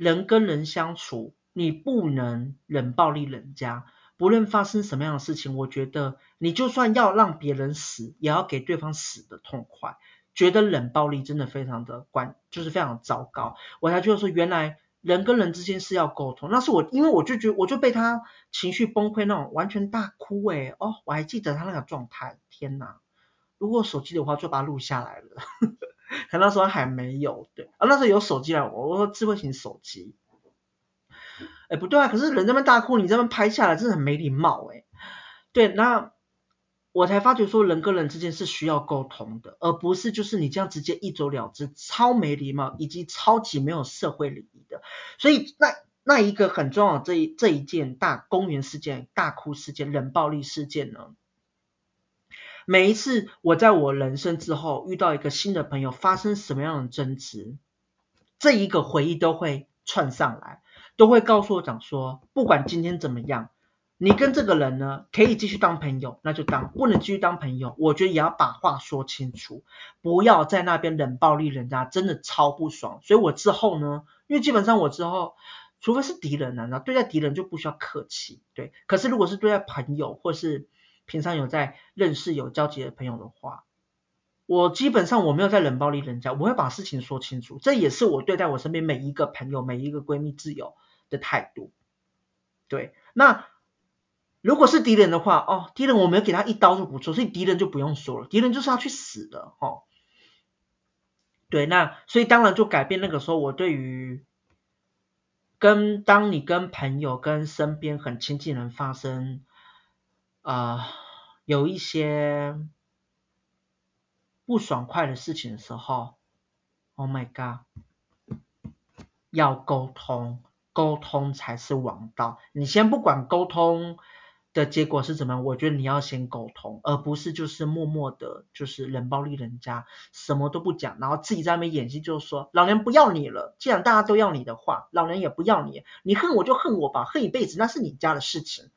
人跟人相處，你不能冷暴力人家。不論發生什麼樣的事情，我覺得你就算要讓別人死，也要給對方死得痛快。覺得冷暴力真的非常的關，就是非常糟糕。我才覺得說，原來人跟人之間是要溝通。那是我，因為我就覺得我就被他情緒崩潰那種，完全大哭哎、欸、哦，我還記得他那個狀態，天哪！如果手機的話，就把它錄下來了。 可能那時候還沒有，對，啊那時候有手機了，我我說智慧型手機，哎不對啊，可是人在那邊大哭，你這邊拍下來真的很沒禮貌哎、欸，對，那我才發覺說人跟人之間是需要溝通的，而不是就是你這樣直接一走了之，超沒禮貌，以及超級沒有社會禮儀的，所以那那一個很重要，這一這一件大公園事件、大哭事件、冷暴力事件呢，每一次我在我人生之後遇到一個新的朋友，發生什麼樣的爭執，這一個回憶都會串上來，都會告訴我講說，不管今天怎麼樣，你跟這個人呢可以繼續當朋友，那就當；不能繼續當朋友，我覺得也要把話說清楚，不要在那邊冷暴力人家，真的超不爽。所以我之後呢，因為基本上我之後，除非是敵人啊，那對待敵人就不需要客氣，對。可是如果是對待朋友或是，平常有在認識有交集的朋友的話，我基本上我沒有在冷暴力人家，我會把事情說清楚，這也是我對待我身邊每一個朋友、每一個閨蜜、摯友的態度。對，那如果是敵人的話，哦，敵人我沒有給他一刀就不錯，所以敵人就不用說了，敵人就是要去死的，哈、哦。對，那所以當然就改變那個時候我對於跟當你跟朋友、跟身邊很親近人發生。啊、呃，有一些不爽快的事情的時候，Oh my god，要溝通，溝通才是王道。你先不管溝通的結果是怎麼樣，我覺得你要先溝通，而不是就是默默的，就是冷暴力人家，什麼都不講，然後自己在那邊演戲，就是說，老娘不要你了。既然大家都要你的話，老娘也不要你。你恨我就恨我吧，恨一輩子，那是你家的事情。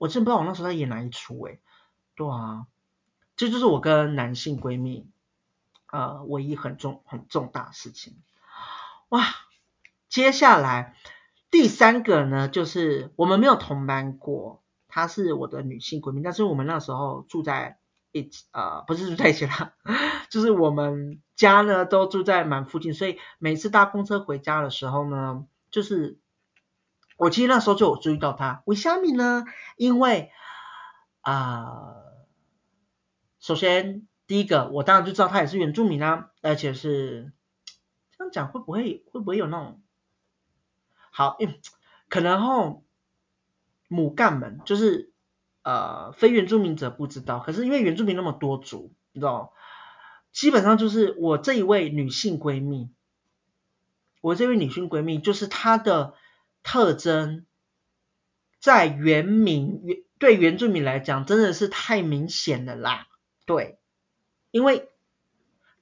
我真不知道我那時候在演哪一齣誒，對啊，這就是我跟男性閨蜜，呃，唯一很重很重大的事情。哇，接下來第三個呢，就是我們沒有同班過，她是我的女性閨蜜，但是我們那時候住在一，呃，不是住在一起啦，就是我們家呢都住在蠻附近，所以每次搭公車回家的時候呢，就是。我其實那時候就有注意到他，為蝦米呢？因為啊、呃，首先第一個，我當然就知道他也是原住民啦、啊，而且是這樣講會不會會不會有那種好？可能後母干們就是呃非原住民者不知道，可是因為原住民那麼多族，你知道嗎？基本上就是我這一位女性閨蜜，我這位女性閨蜜就是她的。特徵在原民原對原住民來講真的是太明顯了啦，對，因為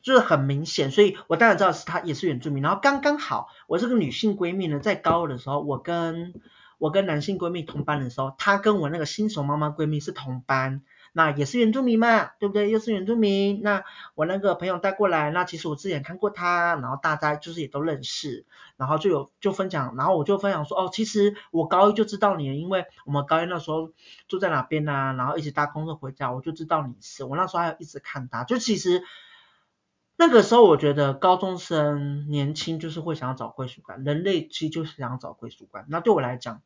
就是很明顯，所以我當然知道是他也是原住民。然後剛剛好，我這個女性閨蜜呢，在高二的時候，我跟我跟男性閨蜜同班的時候，她跟我那個新手媽媽閨蜜是同班。那也是原住民嘛，對不對？又是原住民。那我那個朋友帶過來，那其實我之前看過他，然後大家就是也都認識，然後就有就分享，然後我就分享說，哦，其實我高一就知道你，因為我們高一那時候住在哪邊呢，然後一起搭公車回家，我就知道你是，我那時候還一直看他，就其實那個時候我覺得高中生年輕就是會想要找歸屬感，人類其實就是想要找歸屬感。那對我來講，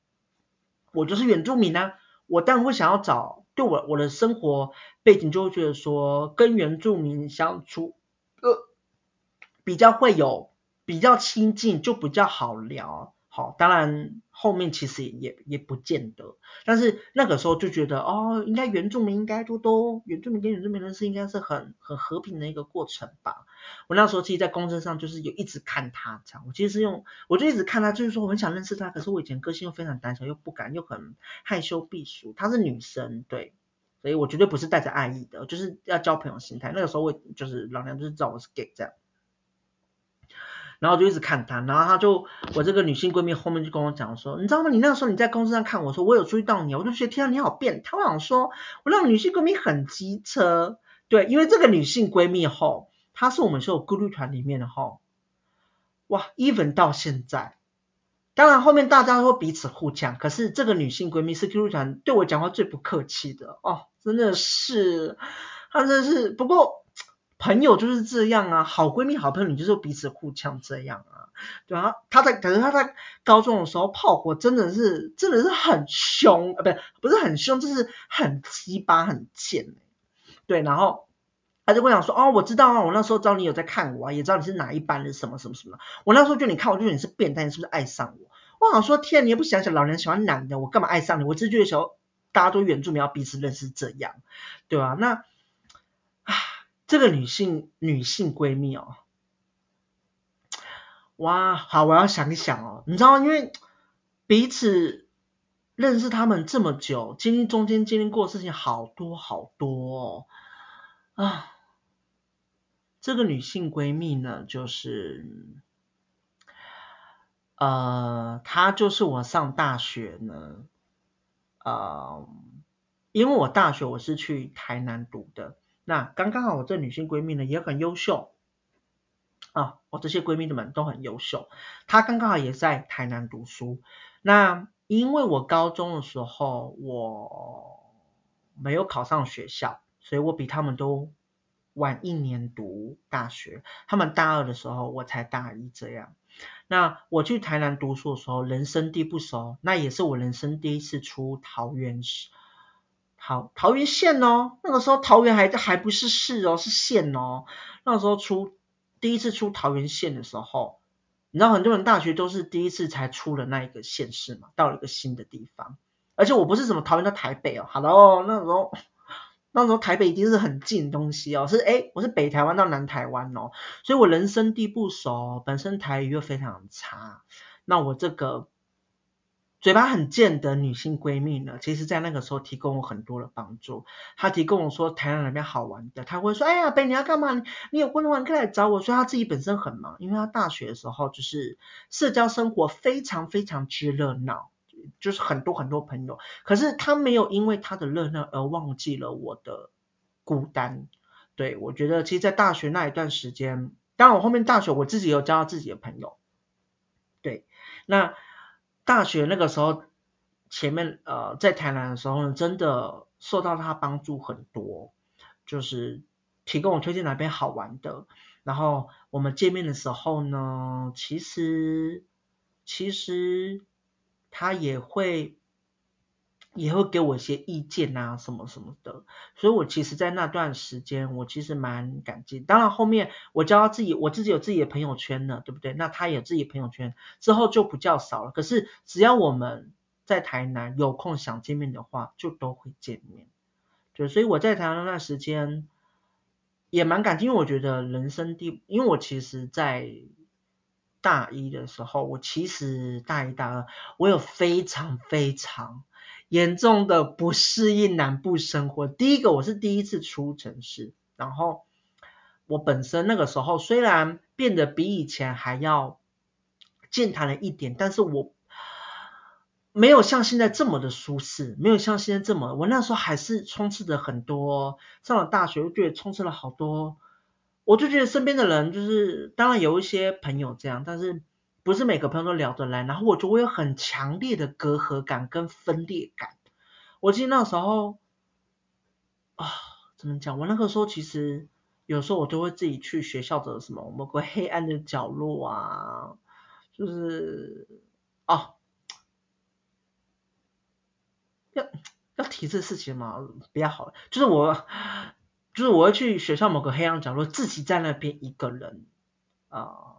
我就是原住民啊。我但我想要找，對我，我的生活背景，就會覺得說跟原住民相處，呃，比較會有比較親近，就比較好聊。好，當然後面其實也也也不見得，但是那個時候就覺得哦，應該原住民應該多多，原住民跟原住民認識應該是很很和平的一個過程吧。我那時候其實在公車上就是有一直看他這樣，我其實是用我就一直看他，就是說我很想認識他，可是我以前個性又非常膽小，又不敢，又很害羞避暑，她是女生，對，所以我絕對不是帶着愛意的，就是要交朋友心態。那個時候我就是老娘就是知道我是 gay 這樣。然後就一直看他，然後他就我這個女性閨蜜後面就跟我講說，你知道嗎？你那個時候你在公司上看我說我有注意到你，我就覺得天啊你好變。他我想說，我讓女性閨蜜很機車，對，因為這個女性閨蜜哈，她是我們所有 Q Q 團裡面的哈，哇，even 到現在，當然後面大家都彼此互嗆，可是這個女性閨蜜是 Q Q 團對我講話最不客氣的哦，真的是，她真的是，不過。朋友就是這樣啊，好閨蜜、好朋友你就是彼此互相這樣啊，對啊。她在，可是她在高中的時候炮火真的是，真的是很凶啊、呃，不是不是很凶，就是很雞巴很賤、欸。對，然後他就跟我講說：“哦，我知道啊，我那時候知道你有在看我啊，也知道你是哪一班的什麼什麼什麼。我那時候就你看我就覺得你是變態，你是不是愛上我？我想說天，你也不想想，老娘喜歡男的，我幹嘛愛上你？我進去的時候大家都原住民要彼此認識這樣，對吧、啊？那。”這個女性女性閨蜜哦，哇，好，我要想一想哦，你知道嗎？因為彼此認識他們這麼久，經歷中間經歷過的事情好多好多哦啊，這個女性閨蜜呢，就是呃，她就是我上大學呢，呃，因為我大學我是去台南讀的。那剛剛好，我這女性閨蜜呢也很優秀啊，我這些閨蜜們都很優秀。她剛剛好也在台南讀書。那因為我高中的時候我沒有考上學校，所以我比他們都晚一年讀大學。他們大二的時候我才大一這樣。那我去台南讀書的時候，人生地不熟，那也是我人生第一次出桃園好，桃園縣哦，那個時候桃園還還不是市哦，是縣哦。那個、時候出第一次出桃園縣的時候，你知道很多人大學都是第一次才出了那一個縣市嘛，到了一個新的地方。而且我不是什麼桃園到台北哦，好的哦，那時候那時候台北已經是很近的東西哦，是哎、欸、我是北台灣到南台灣哦，所以我人生地不熟，本身台語又非常差，那我這個。嘴巴很賤的女性閨蜜呢，其實在那個時候提供我很多的幫助。她提供我說台灣那邊好玩的，她會說：“哎呀，貝，你要幹嘛？你，你有困難可以來找我。”所以她自己本身很忙，因為她大學的時候就是社交生活非常非常之熱鬧，就是很多很多朋友。可是她沒有因為她的熱鬧而忘記了我的孤單。對，我覺得，其實，在大學那一段時間，當然我後面大學我自己有交到自己的朋友。對，那。大學那個時候，前面呃在台南的時候呢，真的受到他幫助很多，就是提供我推薦哪邊好玩的，然後我們見面的時候呢，其實其實他也會。也會給我一些意見啊，什麼什麼的，所以我其實，在那段時間，我其實蠻感激。當然後面我交到自己，我自己有自己的朋友圈了，對不對？那他有自己的朋友圈，之後就比較少了。可是只要我們在台南有空想見面的話，就都會見面。就所以我在台南那段時間也蠻感激，因為我覺得人生地，因為我其實在大一的時候，我其實大一、大二，我有非常非常。嚴重的不適應南部生活。第一個，我是第一次出城市，然後我本身那個時候雖然變得比以前還要健談了一點，但是我沒有像現在這麼的舒適，沒有像現在這麼，我那時候還是充斥着很多。上了大學，我覺得充斥了好多，我就覺得身邊的人，就是當然有一些朋友這樣，但是。不是每個朋友都聊得來，然後我就會有很強烈的隔閡感跟分裂感。我記得那時候，啊、哦，怎麼講？我那個時候其實有時候我就會自己去學校的什麼某個黑暗的角落啊，就是哦，要要提這事情嘛，不要好了，就是我，就是我會去學校某個黑暗的角落，自己在那邊一個人啊。哦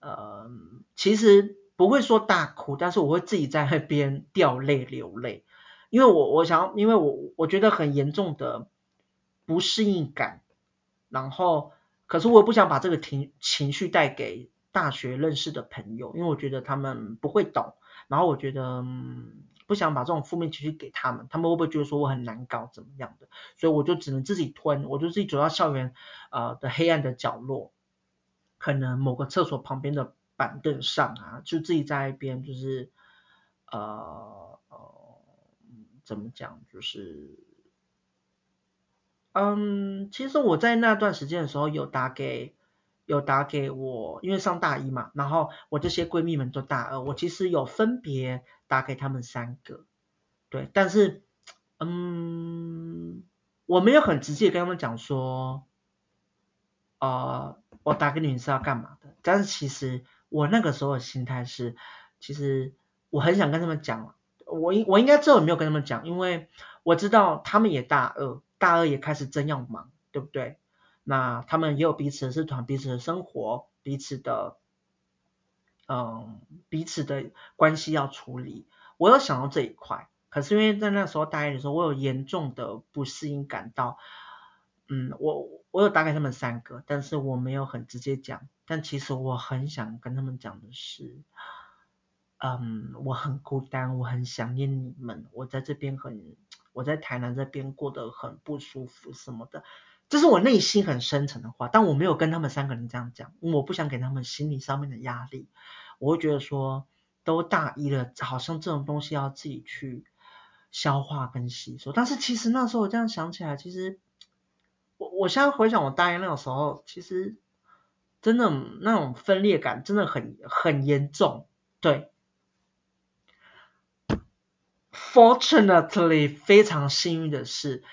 呃，其實不會說大哭，但是我會自己在那邊掉淚流淚，因為我我想要，因為我我覺得很嚴重的不適應感，然後可是我也不想把這個情情緒帶給大學認識的朋友，因為我覺得他們不會懂，然後我覺得，嗯，不想把這種負面情緒給他們，他們會不會覺得說我很難搞怎麼樣的？所以我就只能自己吞，我就自己走到校園啊，呃，的黑暗的角落。可能某個廁所旁邊的板凳上啊，就自己在一邊，就是呃，呃，怎麼講？就是，嗯，其實我在那段時間的時候有打給，有打給我，因為上大一嘛，然後我這些閨蜜們都大二，我其實有分別打給他們三個，對，但是，嗯，我沒有很直接跟他們講說，啊、呃。我打給你，你是要幹嘛的？但是其實我那個時候的心態是，其實我很想跟他們講，我應我應該之後也沒有跟他們講，因為我知道他們也大二，大二也開始真要忙，對不對？那他們也有彼此的社團、彼此的生活、彼此的，嗯、呃，彼此的關係要處理。我有想到這一塊，可是因為在那時候大二的時候，我有嚴重的不適應感到。嗯，我我有打給他們三個，但是我沒有很直接講。但其實我很想跟他們講的是，嗯，我很孤單，我很想念你們。我在這邊很，我在台南這邊過得很不舒服什麼的，這是我內心很深沉的話。但我沒有跟他們三個人這樣講，我不想給他們心理上面的壓力。我會覺得說，都大一了，好像這種東西要自己去消化跟吸收。但是其實那時候我這樣想起來，其實。我現在回想我大一那個時候，其實真的那種分裂感真的很很嚴重。對，Fortunately，非常幸運的是，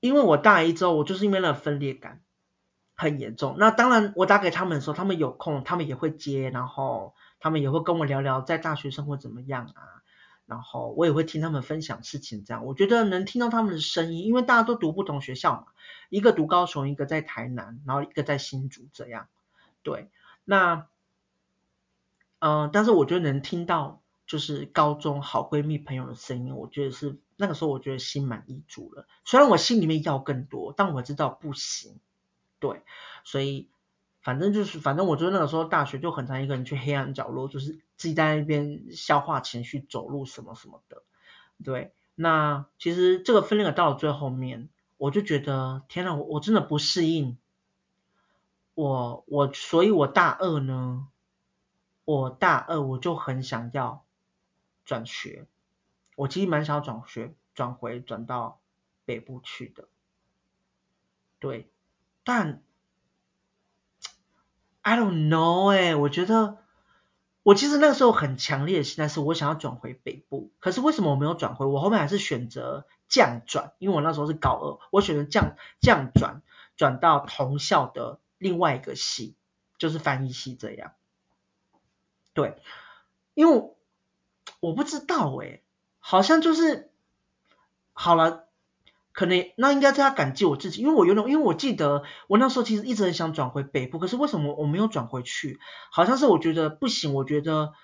因為我大一之後，我就是因為那個分裂感很嚴重。那當然，我打給他們的時候，他們有空，他們也會接，然後他們也會跟我聊聊在大學生活怎麼樣啊。然後我也會聽他們分享事情，這樣我覺得能聽到他們的聲音，因為大家都讀不同學校嘛，一個讀高雄，一個在台南，然後一個在新竹這樣。對，那，嗯、呃，但是我覺得能聽到就是高中好閨蜜朋友的聲音，我覺得是那個時候我覺得心滿意足了。雖然我心裡面要更多，但我知道不行。對，所以。反正就是，反正我覺得那個時候大學就很常一個人去黑暗角落，就是自己在那邊消化情緒、走路什麼什麼的。對，那其實這個分裂到了最後面，我就覺得天哪，啊，我真的不適應。我我，所以我大二呢，我大二我就很想要轉學，我其實蠻想要轉學，轉回，轉到北部去的。對，但。I don't know，哎、欸，我覺得我其實那個時候很強烈的期待是我想要轉回北部，可是為什麼我沒有轉回？我後面還是選擇降轉，因為我那時候是高二，我選擇降降轉，轉到同校的另外一個系，就是翻譯系這樣。對，因為我不知道、欸，哎，好像就是好了。可能那應該是他感激我自己，因為我有種，因為我記得我那時候其實一直很想轉回北部，可是為什麼我沒有轉回去？好像是我覺得不行，我覺得，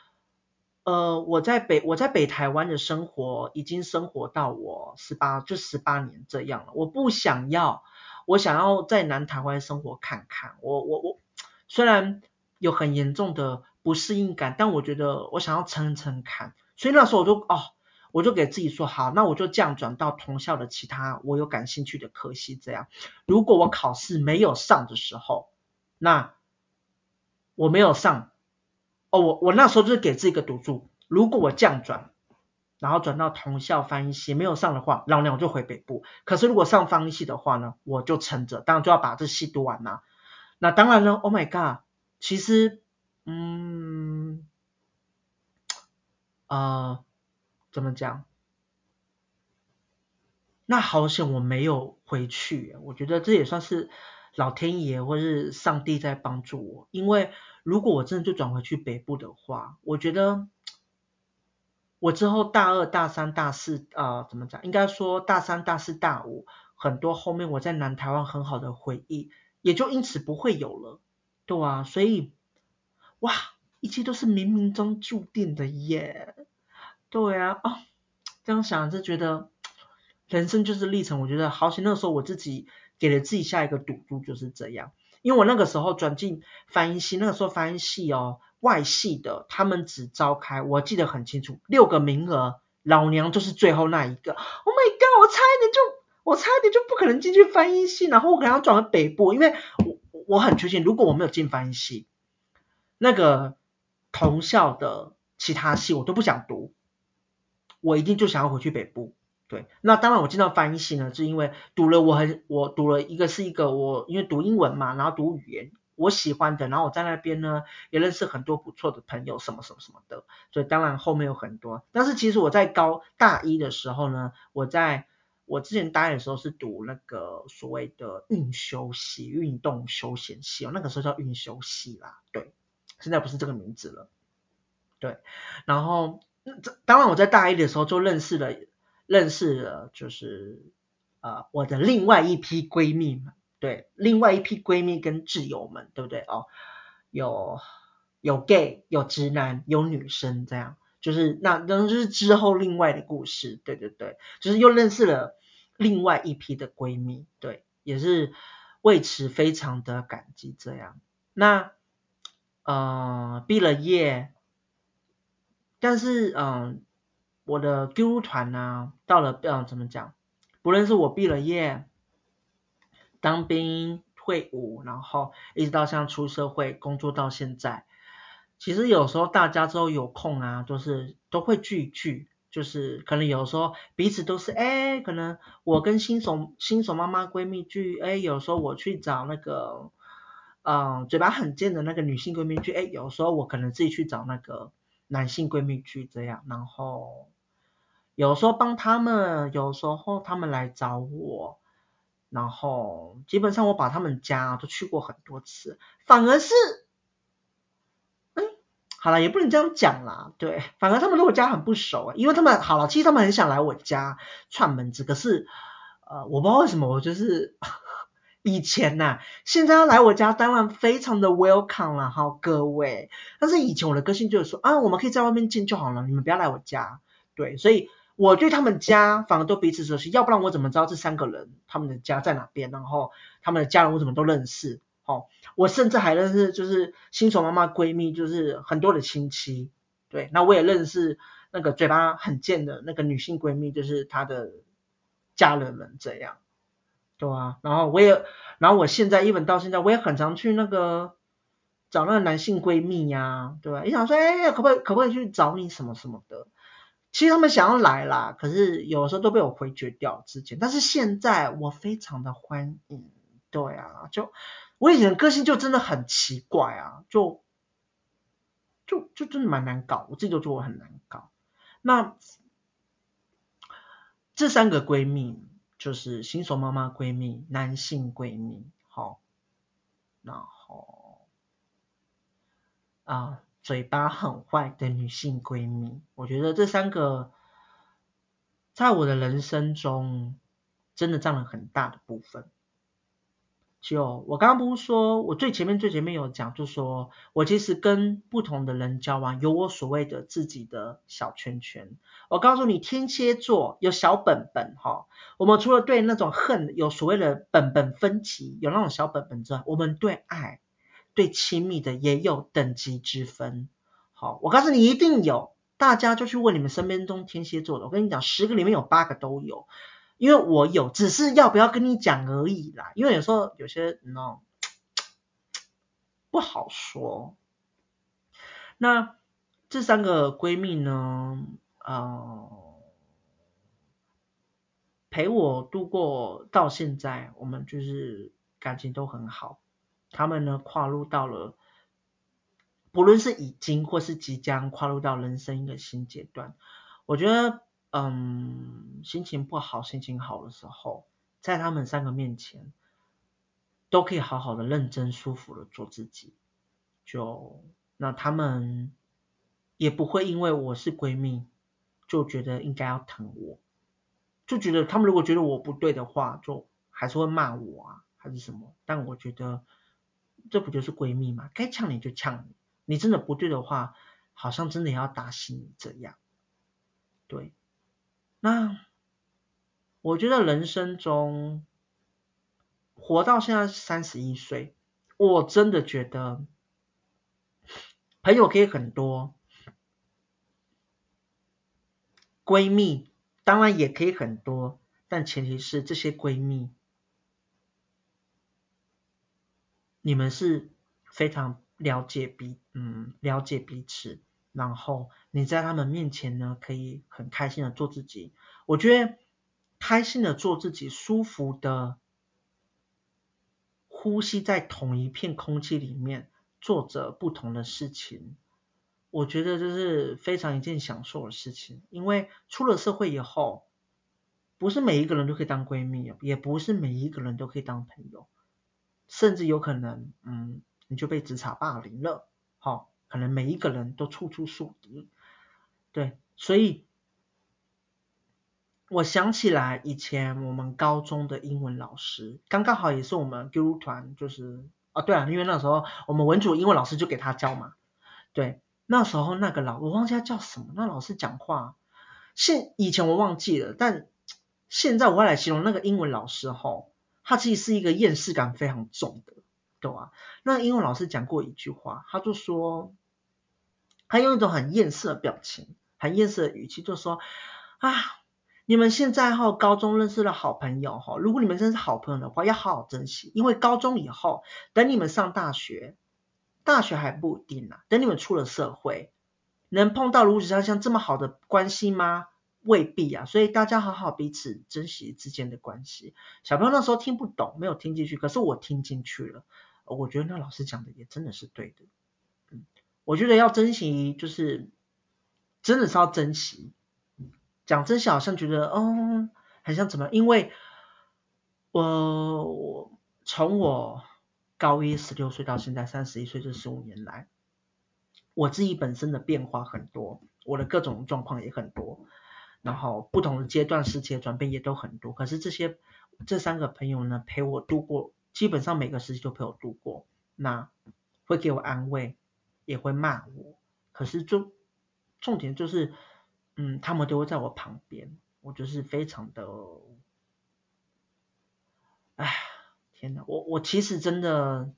呃，我在北我在北台灣的生活已經生活到我十八就十八年這樣了，我不想要，我想要在南台灣生活看看，我我我雖然有很嚴重的不適應感，但我覺得我想要撐撐看，所以那時候我就哦。我就給自己說好，那我就降轉到同校的其他我有感興趣的科系。這樣，如果我考試沒有上的時候，那我沒有上，哦，我我那時候就是給自己一個賭注，如果我降轉，然後轉到同校翻譯系沒有上的話，老娘我就回北部。可是如果上翻譯系的話呢，我就撐着，當然就要把這系讀完啦。那當然呢，Oh my god，其實，嗯，啊、呃。怎麼講？那好險我沒有回去，我覺得這也算是老天爺或是上帝在幫助我，因為如果我真的就轉回去北部的話，我覺得我之後大二、大三、大四，呃，怎麼講？應該說大三、大四、大五，很多後面我在南台灣很好的回憶，也就因此不會有了。對啊，所以哇，一切都是冥冥中注定的耶。對啊，啊、哦，這樣想就覺得人生就是歷程。我覺得好險，那個時候我自己給了自己下一個賭注就是這樣。因為我那個時候轉進翻譯系，那個時候翻譯系哦，外系的，他們只召開，我記得很清楚六個名額，老娘就是最後那一個。Oh my god，我差一點就我差一點就不可能進去翻譯系，然後我可能要轉回北部，因為我我很確信，如果我沒有進翻譯系，那個同校的其他系我都不想讀。我一定就想要回去北部，對。那當然，我進到翻譯系呢，是因為讀了我很我讀了一個是一個我因為讀英文嘛，然後讀語言我喜歡的，然後我在那邊呢也認識很多不錯的朋友，什麼什麼什麼的。所以當然後面有很多，但是其實我在高大一的時候呢，我在我之前大一的時候是讀那個所謂的運修系運動休閒系，哦，那個時候叫運修系啦，對，現在不是這個名字了，對，然後。當然，我在大一的時候就認識了，認識了，就是啊、呃，我的另外一批閨蜜嘛。對，另外一批閨蜜跟摯友們，對不對？哦，有有 gay，有直男，有女生，這樣，就是那，那就是之後另外的故事，對對對，就是又認識了另外一批的閨蜜，對，也是為此非常的感激，這樣，那啊、呃，畢了業。但是，嗯、呃，我的 Q 團呢、啊，到了，呃，怎麼講？不論是我畢了業，當兵退伍，然後一直到像出社會工作到現在，其實有時候大家之後有空啊，都是都會聚一聚，就是可能有時候彼此都是，哎，可能我跟新手新手媽媽閨蜜聚，哎，有時候我去找那個，嗯、呃，嘴巴很賤的那個女性閨蜜聚，哎，有時候我可能自己去找那個。男性閨蜜去這樣，然後有時候幫他們，有時候他們來找我，然後基本上我把他們家都去過很多次，反而是，嗯，好了，也不能這樣講啦，對，反而他們對我家很不熟欸，因為他們好了，其實他們很想來我家串門子，可是，呃，我不知道為什麼，我就是。以前吶、啊，現在要來我家當然非常的 welcome 了、啊，哈，各位。但是以前我的個性就是說啊，我們可以在外面見就好了，你們不要來我家。對，所以我對他們家反而都彼此熟悉，要不然我怎麼知道這三個人他們的家在哪邊，然後他們的家人我怎麼都認識？哦，我甚至還認識就是新手媽媽閨蜜，就是很多的親戚。對，那我也認識那個嘴巴很賤的那個女性閨蜜，就是她的家人們這樣。對啊，然後我也，然後我現在一本到現在，我也很常去那個找那個男性閨蜜呀、啊，對吧、啊？也想說，哎、欸，可不可以可不可以去找你什麼什麼的？其實他們想要來啦，可是有的時候都被我回絕掉之前，但是現在我非常的歡迎。對啊，就我以前的個性就真的很奇怪啊，就就就真的蠻難搞，我自己都覺得我很難搞。那這三個閨蜜。就是新手媽媽閨蜜、男性閨蜜，好，然後啊嘴巴很壞的女性閨蜜，我覺得這三個在我的人生中真的佔了很大的部分。就我剛剛不是說我最前面最前面有講，就說，我其實跟不同的人交往，有我所謂的自己的小圈圈。我告訴你，天蠍座有小本本哈、哦。我們除了對那種恨有所謂的本本分級，有那種小本本之外，我們對愛、對親密的也有等級之分。好、哦，我告訴你一定有，大家就去問你們身邊中天蠍座的，我跟你講，十個裡面有八個都有。因為我有，只是要不要跟你講而已啦。因為有時候有些，你、no, 不好說。那這三個閨蜜呢，呃，陪我度過到現在，我們就是感情都很好。她們呢，跨入到了，不論是已經或是即將跨入到人生一個新階段，我覺得。嗯，心情不好，心情好的時候，在他們三個面前，都可以好好的、認真、舒服的做自己。就那他們也不會因為我是閨蜜就覺得應該要疼我，就覺得他們如果覺得我不對的話，就還是會罵我啊，還是什麼。但我覺得這不就是閨蜜嗎？該嗆你就嗆你，你真的不對的話，好像真的也要打醒你這樣，對。那我覺得人生中活到現在三十一歲，我真的覺得朋友可以很多，閨蜜當然也可以很多，但前提是這些閨蜜你們是非常了解彼，嗯，了解彼此。然後你在他們面前呢，可以很開心的做自己。我覺得開心的做自己，舒服的呼吸在同一片空氣裡面，做着不同的事情，我覺得這是非常一件享受的事情。因為出了社會以後，不是每一個人都可以當閨蜜，也不是每一個人都可以當朋友，甚至有可能，嗯，你就被職場霸凌了，好、哦。可能每一個人都處處樹敵，對，所以我想起來以前我們高中的英文老師，剛剛好也是我們 Q 團，就是，啊，對啊，因為那時候我們文組英文老師就給他教嘛，對，那時候那個老我忘記他叫什麼，那老師講話，現以前我忘記了，但現在我來形容那個英文老師吼，他其實是一個厭世感非常重的。對啊，那英文老師講過一句話，他就說，他用一種很厭世的表情，很厭世的語氣，就說啊，你們現在後高中認識的好朋友哈，如果你們真是好朋友的話，要好好珍惜，因為高中以後，等你們上大學，大學還不一定吶、啊，等你們出了社會，能碰到如此相像這麼好的關係嗎？未必啊，所以大家好好彼此珍惜之間的關係。小朋友那時候聽不懂，沒有聽進去，可是我聽進去了。我覺得那老師講的也真的是對的，嗯，我覺得要珍惜，就是真的是要珍惜。講珍惜好像覺得，嗯，很像怎麼樣？因為，我我從我高一十六歲到現在三十一歲這十五年來，我自己本身的變化很多，我的各種狀況也很多，然後不同的階段時期的轉變也都很多。可是這些這三個朋友呢，陪我度過。基本上每個時期都陪我度過，那會給我安慰，也會罵我。可是就重點就是，嗯，他們都會在我旁邊，我就是非常的，哎，天哪！我我其實真的，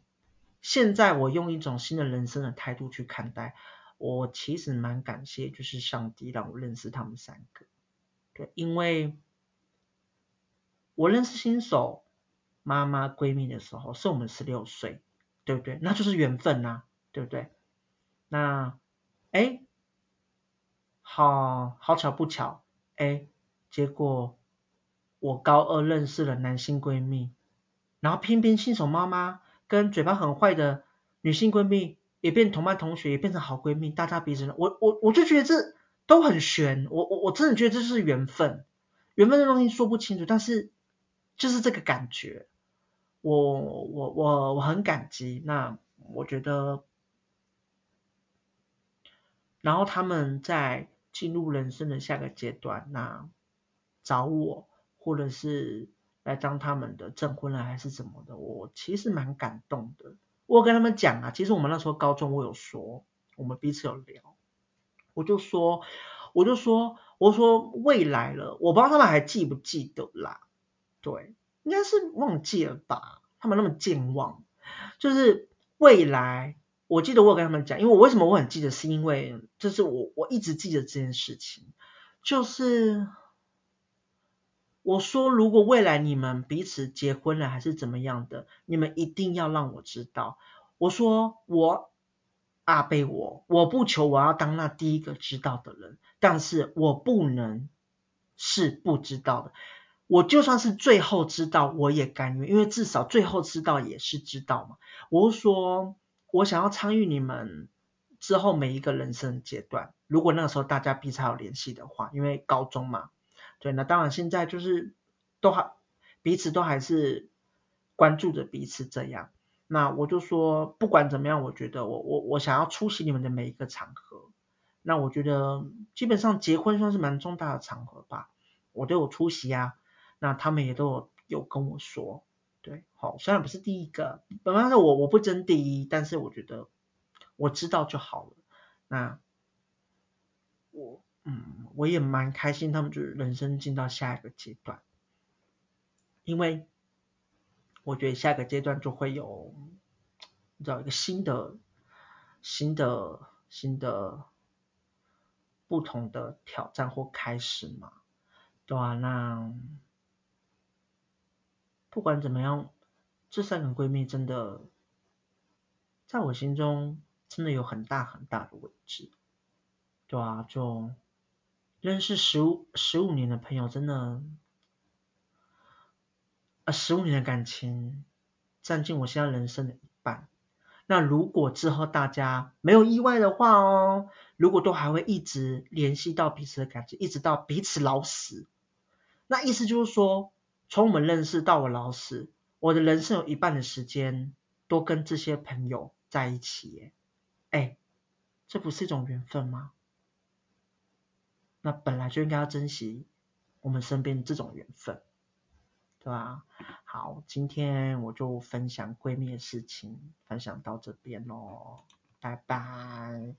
現在我用一種新的人生的態度去看待，我其實蠻感謝，就是上帝讓我認識他們三個，對，因為，我認識新手。媽媽閨蜜的時候是我們十六歲，對不對？那就是緣分吶、啊，對不對？那哎，好好巧不巧哎，結果我高二認識了男性閨蜜，然後偏偏新手媽媽跟嘴巴很壞的女性閨蜜也變同班同學，也變成好閨蜜，大大鼻子。我我我就覺得這都很玄，我我我真的覺得這是緣分，緣分這東西說不清楚，但是就是這個感覺。我我我我很感激，那我覺得，然後他們在進入人生的下個階段，那找我或者是來當他們的證婚人還是什麼的，我其實蠻感動的。我跟他們講啊，其實我們那時候高中我有說，我們彼此有聊，我就說，我就說，我說未來了，我不知道他們還記不記得啦，對。應該是忘記了吧，他們那麼健忘。就是未來，我記得我有跟他們講，因為我為什麼我很記得，是因為就是我我一直記得這件事情。就是我說，如果未來你們彼此結婚了還是怎麼樣的，你們一定要讓我知道。我說我阿貝、啊、我我不求我要當那第一個知道的人，但是我不能是不知道的。我就算是最後知道，我也甘願，因為至少最後知道也是知道嘛。我是說，我想要參與你們之後每一個人生階段。如果那個時候大家彼此還有聯繫的話，因為高中嘛，對，那當然現在就是都還彼此都還是關注着彼此這樣。那我就說，不管怎麼樣，我覺得我我我想要出席你們的每一個場合。那我覺得基本上結婚算是蠻重大的場合吧，我都有出席啊。那他們也都有有跟我說，對，好，雖然不是第一個，本來是我我不爭第一，但是我覺得我知道就好了。那我嗯，我也蠻開心，他們就是人生進到下一個階段，因為我覺得下一個階段就會有，你知道一個新的、新的、新的、不同的挑戰或開始嘛，對啊，那。不管怎麼樣，這三個閨蜜真的，在我心中真的有很大很大的位置，對啊，就認識十五十五年的朋友，真的啊、呃，十五年的感情，占盡我現在人生的一半。那如果之後大家沒有意外的話哦，如果都還會一直聯繫到彼此的感情，一直到彼此老死，那意思就是說。從我們認識到我老死，我的人生有一半的時間都跟這些朋友在一起耶，哎，這不是一種緣分嗎？那本來就應該要珍惜我們身邊的這種緣分，對吧？好，今天我就分享閨蜜的事情，分享到這邊嘍，拜拜。